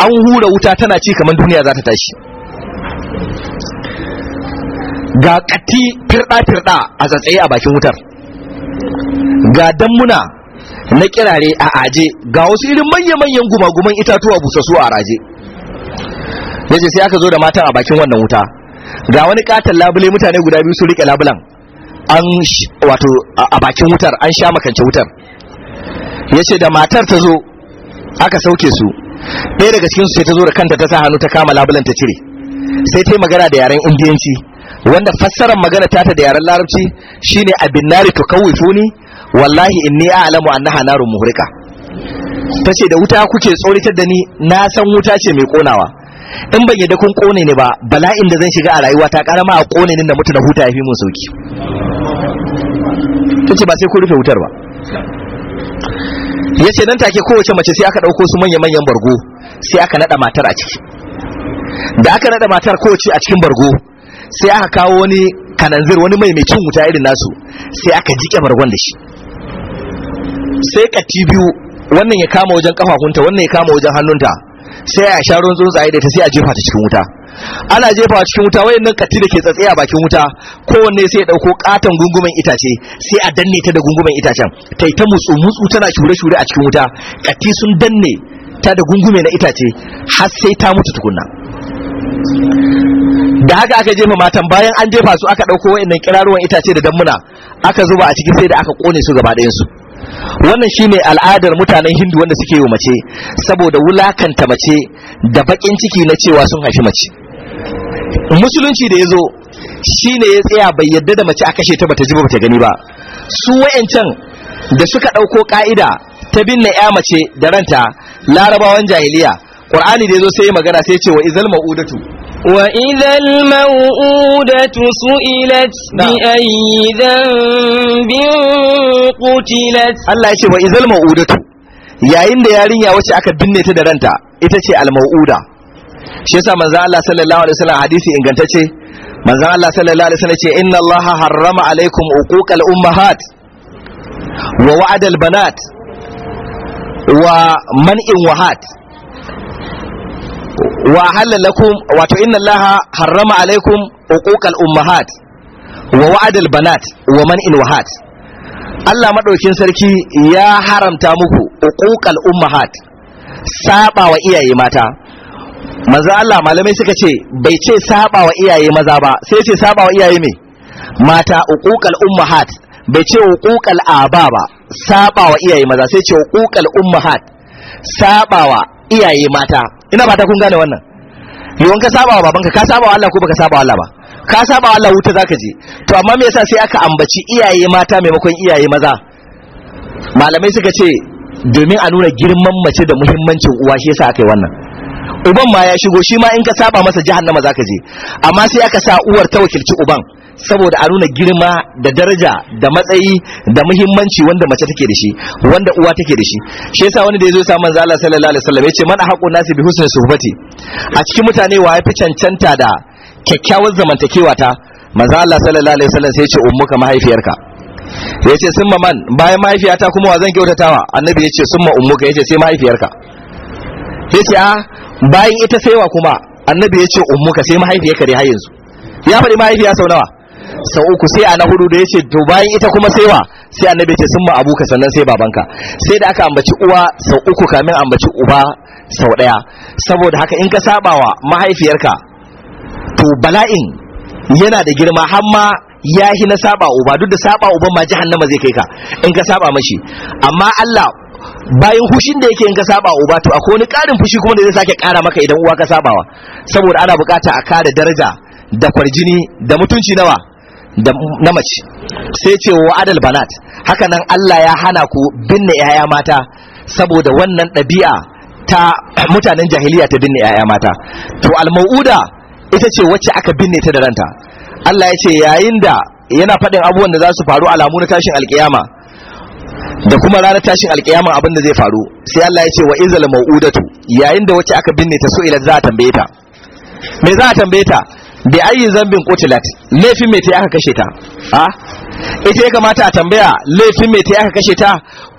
an hura wuta tana ci kamar duniya za ta tashi ga kati firɗa firɗa a tsatsaye a bakin wutar ga dammuna na kirare a aje ga wasu irin manya-manyan gumaguman itatuwa busassu a raje yace sai aka zo da matan a bakin wannan wuta ga wani katon labule mutane guda biyu sun rike labulan an wato a bakin wutar an sha makance wutar yace da matar ta zo aka sauke su ɗaya daga cikin su sai ta zo da kanta ta sa hannu ta kama labulan ta cire sai ta yi magana da yaren indiyanci wanda fassarar magana ta ta da yaren larabci shine abin nari to kawifuni wallahi inni a'lamu annaha narun muhrika tace da wuta kuke tsoratar da ni na san wuta ce mai konawa in ban yadda kun kone ni ba bala'in da zan shiga a rayuwa ta karama a kone ni na mutu na huta ya fi mun sauki ce ba sai ku rufe wutar ba Ya ce nan take kowace mace sai aka dauko su manya manyan bargo sai aka nada matar a ciki da aka nada matar kowace a cikin bargo sai aka kawo wani kananzir wani mai mai cin wuta irin nasu sai aka jike bargon da shi sai kati biyu wannan ya kama wajen kafafunta wannan ya kama wajen hannunta sai a sha ruwan tsuntsaye da ta sai a jefa ta cikin wuta ana jefa cikin wuta wayan nan katti da ke a bakin wuta kowanne sai ya dauko katon gungumen itace sai a danne ta da gungumen itacen tai ta mutsu mutsu tana shure shure a cikin wuta katti sun danne ta da gungume na itace har sai ta mutu tukunna da haka aka jefa matan bayan an jefa su aka dauko wayannan kiraruwan itace da dammuna aka zuba a cikin sai da aka kone su gaba ɗayan su wannan shine al'adar mutanen hindu wanda suke yi mace saboda wulakanta mace da bakin ciki na cewa sun haifi mace musulunci da ya zo shine ya tsaya bai yadda da mace a kashe ta bata ji bata gani ba su wayancan da suka ɗauko ka'ida ta binne ya mace da ranta larabawan jahiliya Ƙur'ani da ya zo sai magana sai ya ce wa izal ma'udatu وإذا الموءودة سئلت نعم. بأي ذنب قتلت الله يشي وإذا الموءودة yayin da yarinya wacce aka binne ta da ranta ita ce al-mau'uda shi yasa manzo Allah sallallahu alaihi wasallam hadisi ingantacce manzo Allah sallallahu alaihi wasallam ce inna Allah harrama alaikum uquqal ummahat wa wa'adal banat wa man'in wahat wa halalakum wato inna allaha harrama alaikum uquqal ummahat wa wa'adal banat wa man in wahat Allah madaukin sarki ya haramta muku uquqal ummahat saba wa iyaye mata maza Allah malamai suka ce bai ce saba wa iyaye maza ba sai ce saba wa iyaye me mata uquqal ummahat bai ce uquqal aba ba saba wa iyaye maza sai ce uquqal ummahat saba wa iyaye mata ina ba ta kun gane wannan yawan ka saba wa babanka ka saba Allah ko baka saba Allah ba ka saba Allah wuta zaka je to amma me yasa sai aka ambaci iyaye mata maimakon iyaye maza malamai suka ce domin a nuna girman mace da muhimmancin uwa shi yasa aka yi wannan uban ma ya shigo shi ma in ka saba masa jahannama zaka je amma sai aka sa uwar ta wakilci uban saboda a nuna girma da daraja da matsayi da muhimmanci wanda mace take da shi wanda uwa take da shi shi yasa wani da yazo ya manzo Allah sallallahu alaihi wasallam yace man haqu nasi bi husni suhbati a cikin mutane wa yafi cancanta da kyakkyawar zamantakewa ta manzo Allah sallallahu alaihi wasallam sai ya ce ummuka mahaifiyarka yace summa man bayan mahaifiyata kuma wa zan kyautatawa annabi yace summa ummuka yace sai mahaifiyarka yace a ah, bayan ita sai wa kuma annabi yace ummuka sai mahaifiyarka dai har yanzu ya faɗi mahaifiya sau nawa sau uku sai a na hudu da ya ce to bayan ita kuma sai wa sai annabi ce sun ma abuka sannan sai babanka sai da aka ambaci uwa sau uku kamin ambaci uba sau daya saboda haka in ka wa mahaifiyarka to bala'in yana da girma har ma ya hi na saba uba duk da saba uban ma jahannama zai kai ka in ka saba mashi amma Allah bayan hushin da yake in ka saba uba to akwai wani karin fushi kuma da zai sake kara maka idan uwa ka sabawa saboda ana bukata a kare daraja da kwarjini da mutunci nawa na mace sai ce wa adal banat haka nan Allah ya hana ku binne 'ya'ya mata saboda wannan ɗabi'a ta mutanen jahiliya ta binne 'ya'ya mata to al-mau'uda ita ce wacce aka binne ta da ranta Allah ya ce yayin da yana faɗin abubuwan da za su faru alamu na tashin alkiyama da kuma ranar tashin alkiyama abin da zai faru sai Allah ya ce wa izal mau'udatu yayin da wacce aka binne ta so ila za a tambaye ta me za a tambaye ta bi ayi zambin kotilat laifin mai ta aka kashe ta a ita ya kamata a tambaya laifin mai ta aka kashe ta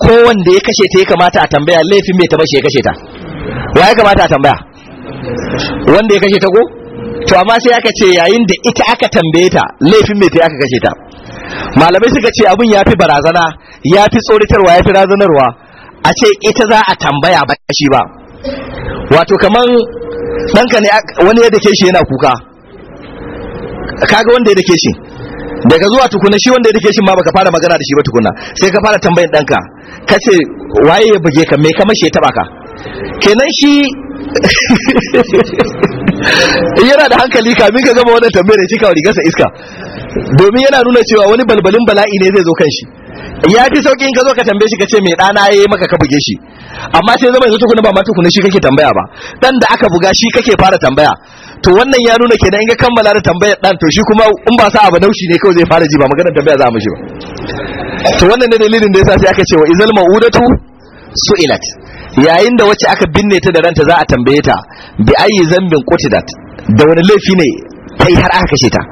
ko wanda ya kashe ta ya kamata a tambaya laifin mai ta bashi ya kashe ta wa ya kamata a tambaya wanda ya kashe ta ko to amma sai aka ce yayin da ita aka tambaye ta laifin mai ta aka kashe ta malamai suka ce abun yafi barazana yafi tsoritarwa yafi razanarwa a ce ita za a tambaya ba shi ba wato kaman ɗanka ne wani yadda ke shi yana kuka kaga wanda ya dake shi daga zuwa tukuna shi wanda ya dake shi ma baka fara magana da shi ba tukuna sai ka fara tambayin danka kace waye ya buge ka me ka mashi ya taba ka kenan shi yana da hankali kamin ka gama wannan tambayar ya cika rigarsa iska domin yana nuna cewa wani balbalin bala'i ne zai zo kan shi ya fi sauƙin ka zo ka tambaye shi ka ce mai ɗana ya yi maka ka buge shi amma sai zama yanzu tukuna ba ma tukuna shi kake tambaya ba dan da aka buga shi kake fara tambaya to wannan ya nuna kenan in ka kammala da tambayar dan to shi kuma in ba sa abu naushi ne kawai zai fara ji ba maganar tambaya za mu shi ba to wannan ne dalilin da yasa sai aka ce wa izal ma'udatu su'ilat yayin da wacce aka binne ta da ranta za a tambaye ta bi ayi zambin qutidat da wani laifi ne kai har aka kashe ta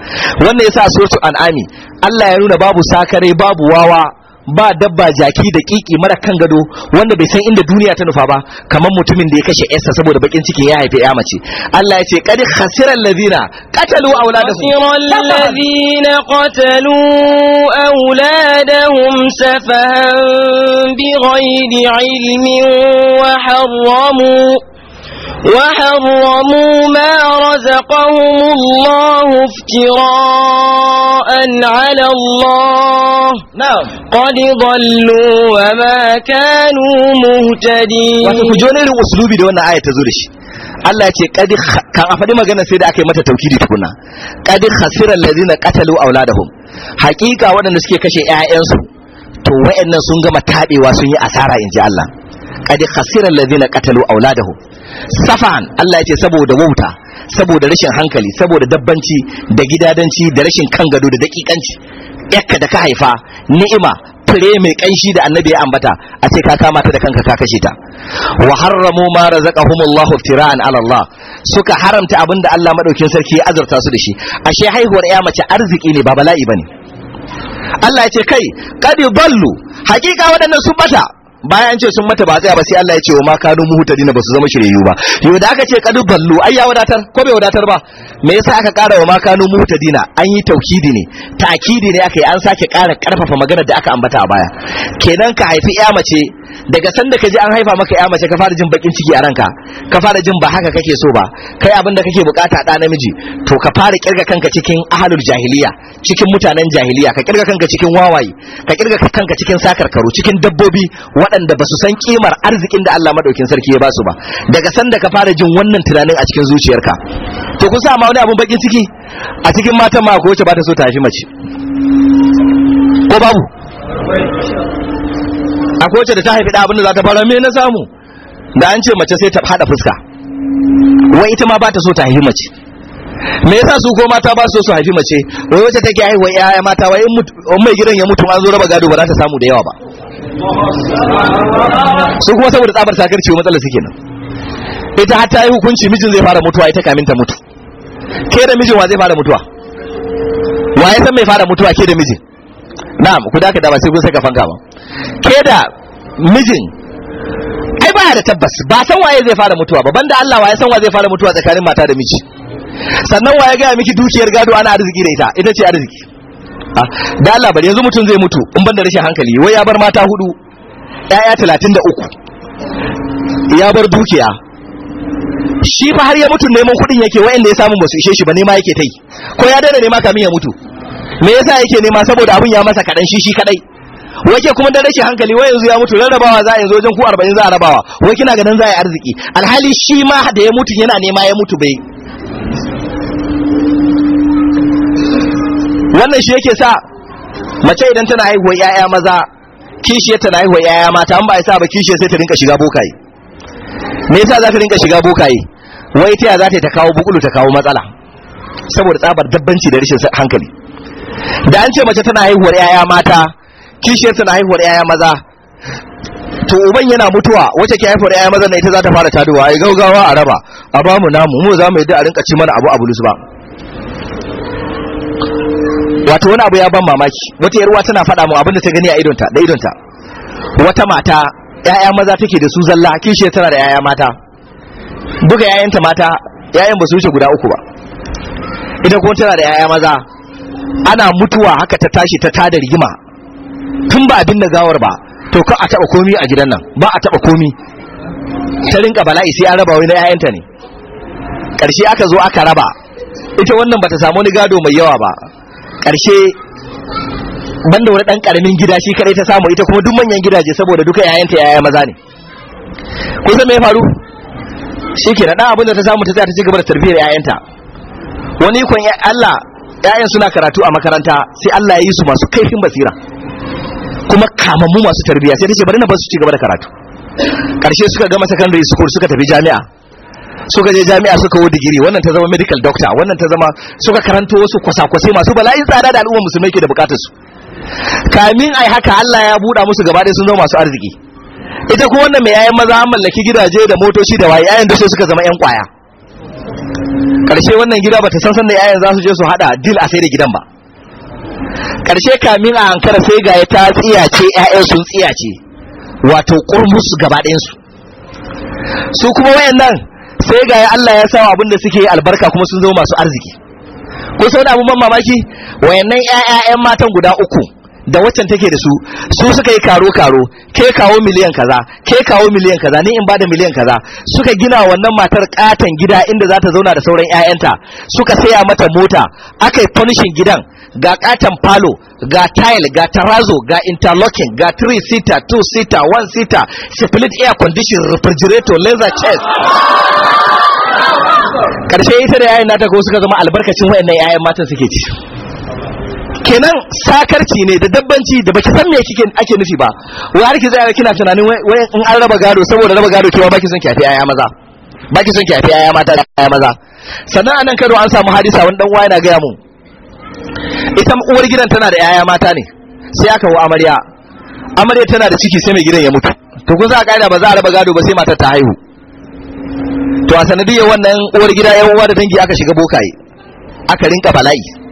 wannan yasa suratul an'ami Allah ya nuna babu sakare babu wawa ba dabba jaki da kiki mara kan gado wanda bai san inda duniya ta nufa ba kamar mutumin da ya kashe yarsa saboda bakin ciki ya haife ya mace Allah ya ce qad khasira allazina qatalu awladahum allazina qatalu awladahum safahan bighairi ilmin wa harramu وحرموا ما رزقهم الله افتراء على الله نعم قد ضلوا وما كانوا مهتدين wato ku jone irin da wannan aya ta zo Allah ce kad kan a faɗi magana sai da aka yi mata taukidi tukuna kad khasira allazina qatalu auladahum haƙiƙa waɗanda suke kashe ƴaƴansu to wayannan sun gama tabewa sun yi asara inji Allah qad khasira alladhina qatalu auladahum safan Allah ya ce saboda wauta saboda rashin hankali saboda dabbanci da gidadanci da rashin kan gado da dakikanci Yaka da ka haifa ni'ima fure mai kanshi da annabi ya ambata a ce ka kama ta da kanka ka kashe ta wa harramu ma razaqahumullahu iftira'an ala Allah suka haramta da Allah madaukin sarki ya azurta su da shi ashe haihuwar ya mace arziki ne ba bala'i ba ne. Allah ya ce kai qad ballu hakika waɗannan su bata bayan an ce sun mata ba tsaya ba sai Allah ya ce wa ma kanu muhtadina ba su zama shiryayyu ba yau da aka ce kadu ballu ai ya wadatar ko bai wadatar ba me yasa aka kara wa ma kanu na? an yi tauhidi ne ta'kidi ne aka yi an sake kara karfafa magana da aka ambata a baya kenan ka haifi ya mace daga sanda ka an haifa maka ya mace ka fara jin bakin ciki a ranka ka fara jin ba haka kake so ba kai abin da kake bukata da namiji to ka fara kirga kanka cikin ahalul jahiliya cikin mutanen jahiliya ka kirga kanka cikin wawaye ka kirga kanka cikin sakarkaru cikin dabbobi waɗanda ba su san kimar arzikin da Allah madaukin sarki ya basu ba daga sanda ka fara jin wannan tunanin a cikin zuciyarka to kun sa ma wani abin bakin ciki a cikin matan ma ko wacce ba ta so ta haifi mace ko babu a wacce da ta haifi da abin da za ta fara me na samu da an ce mace sai ta hada fuska wai ita ma ba ta so ta haifi mace me yasa su ko mata ba su so su haifi mace wai wacce take haihuwa yaya mata wai in mai gidan ya mutu an zo raba gado ba za ta samu da yawa ba su kuma saboda tsabar sakarci matsalar su kenan ita har ta yi hukunci mijin zai fara mutuwa ita kamin ta mutu ke da mijin wa zai fara mutuwa wa ya san mai fara mutuwa ke da mijin na'am ku da ba sai kun saka fanka ba ke da mijin ai baya da tabbas ba san waye zai fara mutuwa ba banda Allah waye san wa zai fara mutuwa tsakanin mata da miji sannan waye ga miki dukiyar gado ana arziki da ita ita ce arziki ah, da Allah bari yanzu mutum zai mutu in banda rashin hankali wai ya bar mata hudu ƴaƴa 33 ya bar dukiya shi fa har ya mutu neman kuɗin yake wayanda ya samu ba su ishe shi ba nema yake ta yi ko ya daina nema kamin ya mutu me yasa yake nema saboda abin ya masa kadan shi shi kadai wake kuma da rashin hankali wai yanzu ya mutu rarrabawa za a yanzu wajen ku 40 za a rabawa wai kina ganin za a yi arziki alhali shi ma da ya mutu yana nema ya mutu bai wannan shi yake sa mace idan tana haihuwar 'ya'ya maza kishiyar tana haihuwar 'ya'ya mata an ba sa ba kishiyar sai ta rinka shiga bokaye me yasa za ta rinka shiga bokaye wai ta za ta kawo bukulu ta kawo matsala saboda tsabar dabbanci da rashin hankali da an ce mace tana haihuwar yaya mata kishiyar tana haihuwar yaya maza to uban yana mutuwa wacce ke haifar yaya maza na ita za ta fara taduwa ai gaugawa a raba a ba mu namu mu za mu yi da a rinka ci mana abu abu ba wato wani abu ya ban mamaki wata yarwa tana faɗa mu abinda ta gani a idonta da idonta wata mata yaya maza take da su zalla kishiyar tana da yaya mata Buga yayanta mata yayan ba su wuce guda uku ba ita kuma tana da yaya maza ana mutuwa haka ta tashi ta tada rigima tun ba abin da gawar ba to ka a taba komi a gidan nan ba a taba komi ta rinka bala'i sai an raba wai na 'ya'yanta ne karshe aka zo aka raba ita wannan bata samu wani gado mai yawa ba karshe banda wani dan karamin gida shi kadai ta samu ita kuma duk manyan gidaje saboda duka 'ya'yanta 'ya'ya maza ne Ko san me ya faru shikenan dan abin da ta samu ta tsaya ta ci gaba da tarbiyyar 'ya'yanta wani ikon Allah ƴaƴan suna karatu a makaranta sai Allah ya yi su masu kaifin basira kuma kamammu masu tarbiyya sai ta ce bari na ba su ci gaba da karatu karshe suka gama secondary school suka tafi jami'a suka je jami'a suka wo digiri wannan ta zama medical doctor wannan ta zama suka karanto wasu kwasa-kwasai masu bala'in tsada da al'umma musulmai ke da bukatar su kamin ai haka Allah ya buɗa musu gaba sun zama masu arziki ita kuma wannan mai yayan maza an mallaki gidaje da motoci da waye yayan da suka zama yan kwaya karshe wannan gida bata san san da yayan za su je su hada dil a sai da gidan ba karshe kamin a hankara sai ga ya ta tsiyace yayan sun tsiyace wato kurmus gaba ɗayan su su kuma wayannan sai ga ya Allah ya sawa abin da suke albarka kuma sun zama masu arziki ko sai da abun ban mamaki wayannan 'ya'yan matan guda uku da waccan take da su su suka yi karo karo ke kawo miliyan kaza ke kawo miliyan kaza ni in bada miliyan kaza suka gina wannan matar katan gida inda za ta zauna da sauran ƴaƴanta suka saya mata mota aka yi gidan ga katan palo ga tile ga tarazo ga interlocking ga three seater two seater one seater split air condition refrigerator laser chest karshe ita da yayin nata ko suka zama albarkacin wayannan 'ya'yan matan suke ci kenan sakarci ne da dabbanci da baki san me kike ake nufi ba wai har ki zai kina tunanin wai in an raba gado saboda raba gado kewa baki san ki haifi maza baki san ki haifi mata da maza sannan anan kado an samu hadisa wani dan uwa yana gaya mu ita uwar gidan tana da yaya mata ne sai aka wa amarya amarya tana da ciki sai mai gidan ya mutu to kun za a kaida ba za a raba gado ba sai matar ta haihu to a sanadiyar wannan uwar gida yan uwa da dangi aka shiga bokaye aka rinka bala'i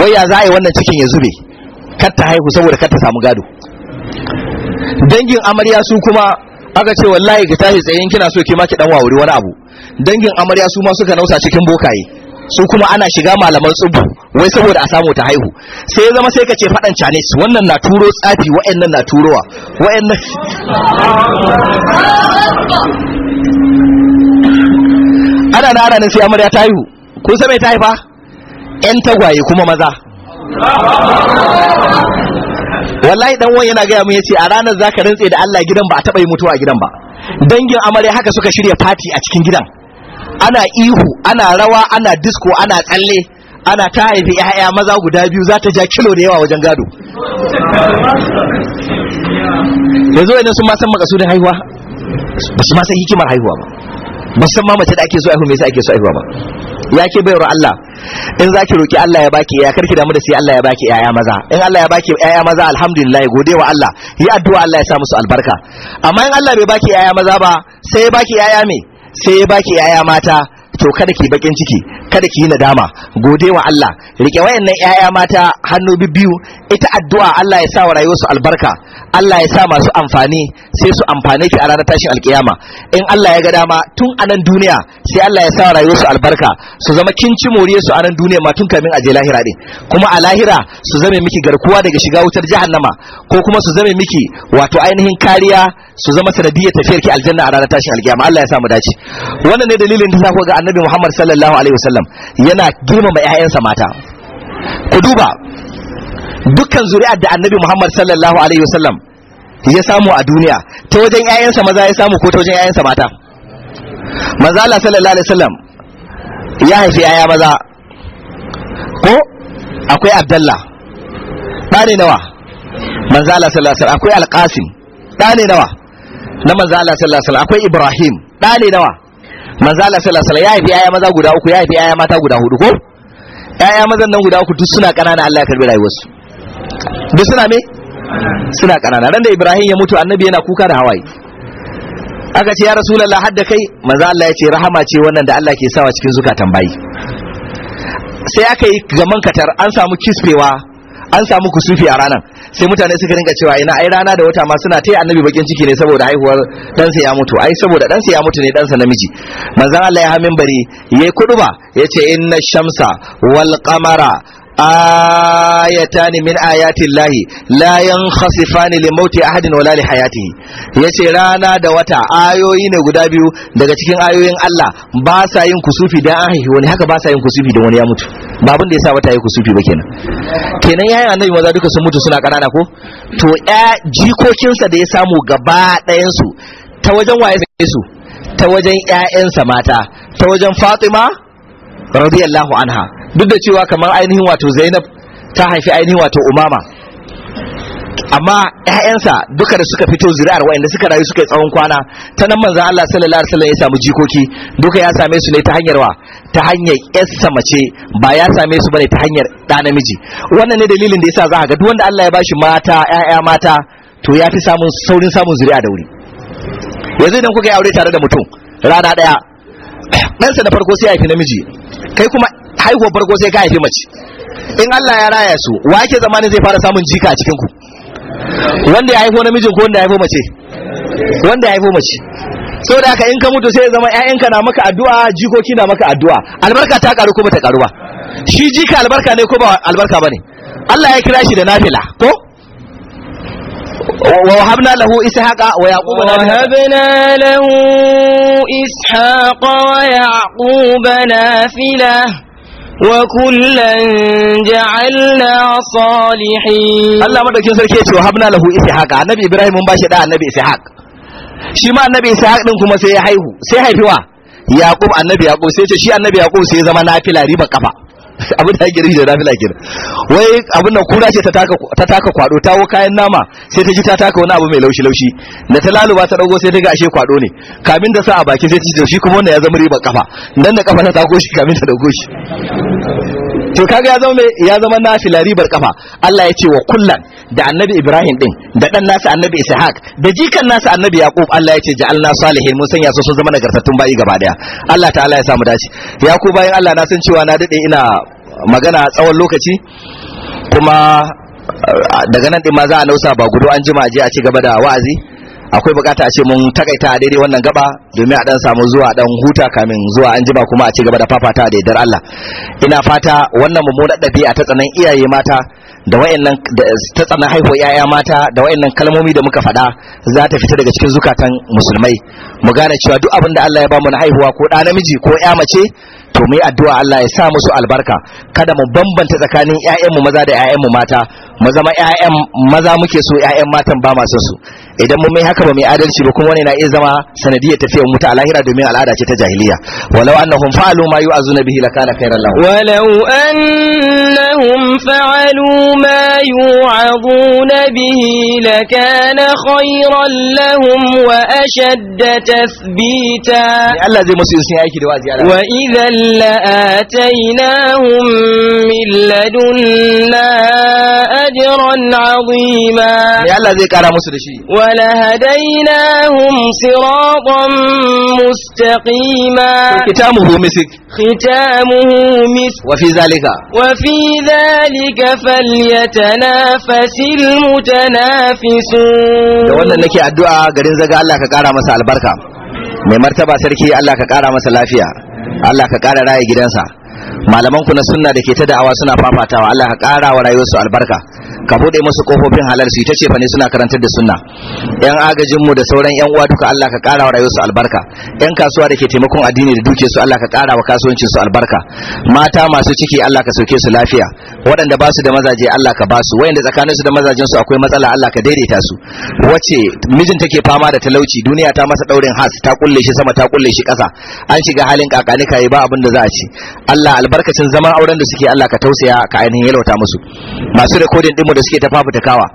wai ya za a yi wannan cikin ya zube kar ta haihu saboda kar ta samu gado dangin amarya su kuma aka ce wallahi ki tashi tsayin kina so ki ma ki dan wawuri wani abu dangin amarya su ma suka nausa cikin bokaye su kuma ana shiga malaman tsubu wai saboda a samu ta haihu sai ya zama sai ka ce faɗan canis wannan na turo tsafi wa'annan na turowa wa'annan ana na ana sai amarya ta haihu kun san me ta haifa 'yan tagwaye kuma maza wallahi dan wani yana gaya mu yace a ranar zaka rantse da Allah gidan ba a taɓa yi mutuwa a gidan ba dangin amarya haka suka shirya fati a cikin gidan ana ihu ana rawa ana disko ana tsalle ana ta haifi ya'ya maza guda biyu za ta ja kilo da yawa wajen gado yanzu wani sun ma san makasudin haihuwa ba su ma san hikimar haihuwa ba ba san ma da ake so haihuwa me yasa ake so haihuwa ba ya ke bayar Allah in za ki roki Allah ya baki ya karki damu da sai Allah ya baki yaya maza in Allah ya baki yaya maza alhamdulillah gode wa Allah yi addu'a Allah ya sa musu albarka amma in Allah bai baki yaya maza ba sai ya baki yaya me sai ya baki yaya mata to kada ki bakin ciki kada ki yi nadama gode wa Allah rike wayannan yaya mata hannu biyu ita addu'a Allah ya sa wa su albarka Allah ya sa masu amfani sai su amfane ki a ranar tashin alkiyama in Allah ya ga dama tun a nan duniya sai Allah ya sa rayuwar su albarka su zama kinci ci su a nan duniya ma tun kamin aje lahira din kuma a lahira su zame miki garkuwa daga shiga wutar jahannama ko kuma su zame miki wato ainihin kariya su zama sanadiyyar tafiyar ki aljanna a ranar tashin alkiyama Allah ya sa mu dace wannan ne dalilin da za ku ga Annabi Muhammad sallallahu alaihi wasallam yana girmama 'ya'yansa mata ku duba dukkan zuri'ar da annabi muhammad sallallahu alaihi wasallam ya samu a duniya ta wajen ƴaƴansa maza ya samu ko ta wajen ƴaƴansa mata maza Allah sallallahu alaihi wasallam ya haifi ƴaƴa maza ko akwai abdallah ɗane nawa manzo Allah sallallahu alaihi wasallam akwai qasim ɗane nawa na manzo Allah sallallahu alaihi wasallam akwai ibrahim ɗane nawa manzo Allah sallallahu alaihi wasallam ya haifi ƴaƴa maza guda uku ya haifi ƴaƴa mata guda hudu ko ƴaƴa mazan nan guda uku duk suna ƙanana Allah ya karbi rayuwarsu duk suna me suna kanana ran da ibrahim ya mutu annabi yana kuka da hawaye aka ce ya rasulullah hadda kai manzo Allah ya ce rahama ce wannan da Allah ke sawa cikin zukatan bayi sai aka yi gaman katar an samu kisfewa an samu kusufi a ranan. sai mutane suka rinka cewa ina ai rana da wata ma suna ta annabi bakin ciki ne saboda haihuwar dansa ya mutu ai saboda dansa ya mutu ne sa namiji manzon Allah ya hamin bari yayi kuduba yace inna shamsa wal qamara ayatan min ayatillahi Layan la yankhasifani li mauti ahadin wala li hayatihi yace rana da wata ayoyi ne guda biyu daga cikin ayoyin Allah ba sa yin kusufi da an wani haka ba sa yin kusufi da wani ya mutu ba abin da yasa wata yi kusufi ba kenan kenan yayin annabi maza duka sun mutu suna kanana ko to jikokinsa da ya samu gaba ɗayan su ta wajen waye su ta wajen ƴaƴansa mata ta wajen Fatima radiyallahu anha duk da cewa kamar ainihin wato zainab ta haifi ainihin wato umama amma ƴaƴansa duka da suka fito zuri'ar wa'anda suka rayu suka yi tsawon kwana ta nan manzon Allah sallallahu alaihi wasallam ya samu jikoki duka ya same su ne ta hanyar wa ta hanyar ƴarsa mace ba ya same su bane ta hanyar ɗa namiji wannan ne dalilin da yasa za ga duk wanda Allah ya bashi mata ƴaƴa mata to ya fi samun saurin samun zuri'a da wuri yanzu idan kuka yi aure tare da mutum rana ɗaya ɗansa da farko sai ya haifi namiji kai kuma haihuwar farko sai ka haifi mace in Allah ya raya su wa ake zamani zai fara samun jika a cikin ku wanda ya haifo namijin ko wanda ya haifo mace wanda ya haifo mace da haka in ka mutu sai ya zama ƴaƴanka na maka addu'a jikoki na maka addu'a albarka ta karu ko ta karu ba shi jika albarka ne ko ba albarka bane Allah ya kira shi da nafila ko ووهبنا له إسحاق ويعقوب وهبنا له إسحاق ويعقوب نافلة وكلا جعلنا صالحين الله مدى كنسر كيتي وهبنا له إسحاق النبي إبراهيم مباشر دا النبي إسحاق شما النبي إسحاق نكما سيحيه سيحيه wa Yaqub annabi Yaqub sai ce shi annabi Yaqub sai zama nafila riba kafa abin da ake da nafila kenan wai abin da kura ce ta taka kwado ta wo kayan nama sai ta ji ta taka wani abu mai laushi laushi da ta laluba ta dago sai ta ga ashe kwado ne kamin da sa a baki sai ta ji shi kuma wannan ya zama riba kafa dan da kafa ta tako shi kamin ta dago shi to kaga ya zama ya zama ribar kafa Allah ya ce wa kullan da annabi Ibrahim din da dan nasa annabi Ishaq da jikan nasa annabi Yaqub Allah ya ce ja'alna salihin mun sanya su su zama nagartattun bayi gaba daya Allah ta'ala ya samu dace Yaqub bayan Allah na san cewa na dade ina magana tsawon lokaci kuma eh, daga nan din ma za a nausa ba gudu an jima je a ci gaba da wa'azi akwai bukata a ce mun takaita a daidai wannan gaba domin a dan samu zuwa dan huta kamin zuwa an jima kuma a ci gaba da fafata da yardar Allah ina fata wannan mummunar ɗabi'a ta tsanan iyaye mata da wayannan ta tsanan haihuwar yaya mata da wayannan kalmomi da muka faɗa za ta fita daga cikin zukatan musulmai mu gane cewa duk abin da Allah ya bamu na haihuwa ko ɗa namiji ko ƴa mace to mu yi addu'a Allah ya sa musu albarka kada mu bambanta tsakanin mu maza da mu mata mu zama ƴaƴan maza muke so ƴaƴan matan ba ma su idan mun mai haka ba mai adalci ba kuma wani na iya zama sanadiyar tafiyar mu ta alahira domin al'ada ce ta jahiliya walau annahum fa'alu ma yu'azuna bihi lakana khairan lahum walau annahum fa'alu ma yu'azuna bihi lakana khairan lahum wa ashadda tathbita Allah zai musu yin aiki da wazi Allah wa idan لآتيناهم من لدنا أجرا عظيما ولهديناهم صراطا مستقيما ختامه مسك ختامه مسك وفي ذلك وفي ذلك فليتنافس المتنافسون da wannan nake addu'a garin zaga Allah ka kara masa albarka mai martaba sarki Allah ka kara masa lafiya Allah ka ƙara raya gidansa malaman ku na sunna da ke ta da'awa suna fafatawa Allah ka ƙara wa rayuwarsu albarka ka bude musu kofofin halal su ta ce fa ne suna karantar da sunna yan agajin mu da sauran yan uwa duka Allah ka kara wa rayuwarsu albarka yan kasuwa da ke taimakon addini da duke su Allah ka kara wa kasuwancin su albarka mata masu ciki Allah ka sauke su lafiya waɗanda ba su da mazaje Allah ka ba su waɗanda tsakanin su da mazajen su akwai matsala Allah ka daidaita su wace mijin take fama da talauci duniya ta masa daurin has ta kulle shi sama ta kulle shi ƙasa an shiga halin kakani kai ba abin da za a ci Allah albarkacin zaman auren da suke Allah ka tausaya ka ainihin yalwata musu masu rekodin din mu da suke ta fafutakawa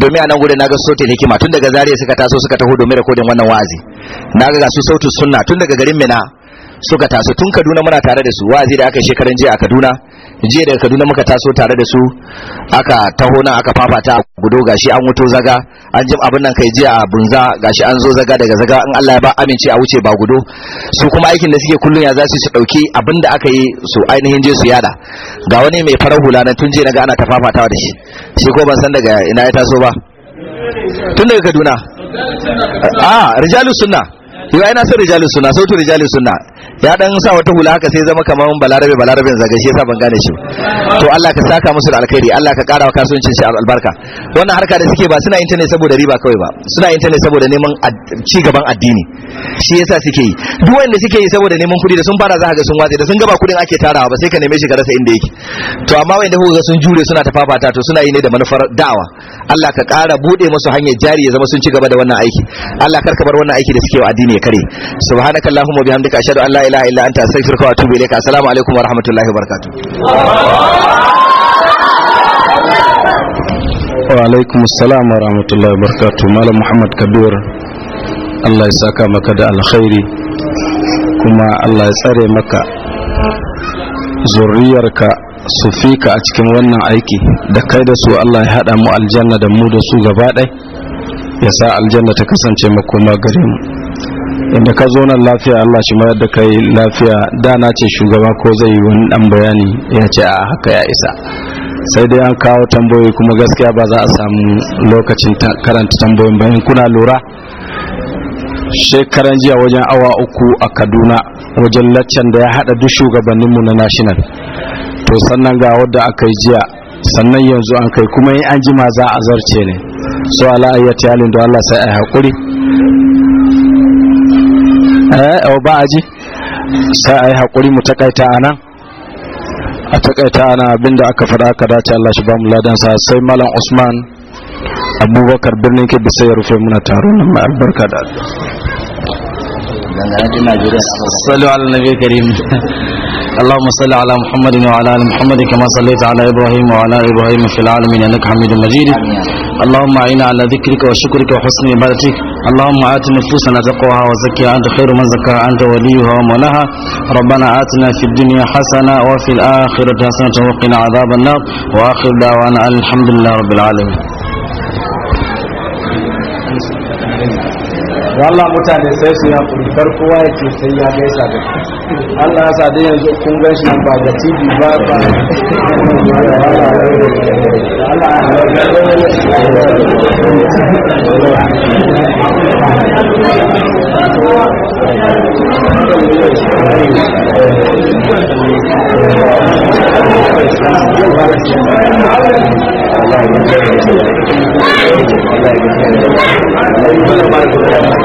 domin a nan gudun naga sautin hikima tun daga zariya suka taso suka taho domin rikodin wannan wazi naga ga su sautu sunna tun daga garin mina suka taso tun kaduna muna tare da su zai da aka shekaran jiya a kaduna jiya daga kaduna muka taso tare da su aka taho nan aka fafata a gudo gashi an wuto zaga an jim abin nan kai jiya a bunza gashi an zo zaga daga zaga in Allah ya ba amince a wuce ba gudo su kuma aikin da suke kullun ya za su dauki abin da aka yi su ainihin je su yada ga wani mai farar hula na tun jiya naga ana ta fafatawa da shi shi ko ban san daga ina ya taso ba tun daga kaduna a ah, rijalu sunna yau na san rijalu sunna sautu rijalu sunna ya dan sa wata hula haka sai zama kamar balarabe balarabe zaga shi yasa ban gane shi to Allah ka saka musu da alkhairi Allah ka karawa kasuwancin shi albarka wannan harka da suke ba suna internet saboda riba kawai ba suna internet saboda neman ci gaban addini shi yasa suke yi duk wanda suke yi saboda neman kuɗi da sun fara za ka ga sun watse da sun gaba kuɗin ake tarawa ba sai ka neme shi ka rasa inda yake to amma wanda kuka ga sun jure suna ta fafata to suna yi ne da manufar da'awa Allah ka kara bude musu hanyar jari ya zama sun ci gaba da wannan aiki Allah kar ka bar wannan aiki da suke wa addini ya kare subhanakallahumma bihamdika ashhadu an la ilaha illa anta astaghfiruka wa atubu ilaika assalamu alaikum wa rahmatullahi wa barakatuh wa alaikum assalam wa rahmatullahi wa barakatuh malam muhammad kabir Allah ya saka maka da alkhairi kuma Allah ya tsare maka zuriyarka su fika a cikin wannan aiki da kai da su Allah ya haɗa mu aljanna da mu da su gaba ɗai ya sa aljanna ta kasance makoma gare mu inda ka zo nan lafiya Allah shi mayar da kai lafiya da na ce shugaba ko zai yi wani dan bayani ya ce a haka ya isa sai dai an kawo tambayoyi kuma gaskiya ba za a samu lokacin karanta tambayoyin bayan kuna lura shekaran jiya wajen awa uku a kaduna wajen laccan da ya hada duk shugabannin mu na national to sannan ga wadda aka yi jiya sannan yanzu an kai kuma in an jima za a zarce ne so ala ayyati halin da Allah sai a hakuri eh ba aji sai yi hakuri mu takaita anan a takaita ana abinda aka fara aka dace Allah shi ba mu ladan sa sai malam Usman Abubakar birnin Kebbi sai ya rufe muna taro nan mai albarka da صلوا ala النبي الكريم اللهم صل على محمد وعلى ال محمد كما صليت على ابراهيم وعلى ابراهيم في العالمين انك حميد مجيد اللهم اعنا على ذكرك وشكرك وحسن عبادتك اللهم آت نفوسنا تقواها وزكها أنت خير من زكاها أنت وليها ومولاها ربنا آتنا في الدنيا حسنة وفي الآخرة حسنة وقنا عذاب النار وآخر دعوانا الحمد لله رب العالمين Allah mutane sai su ya kuri kar kowa ya ce sai ya gaisa da Allah ya sa yanzu kun gan shi ba ga TV ba ba Allah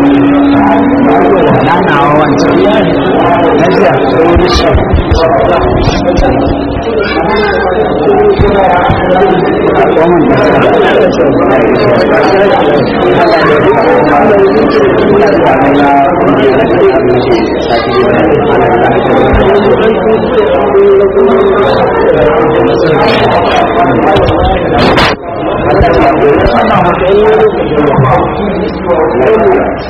na na wancan lafiya Thank you.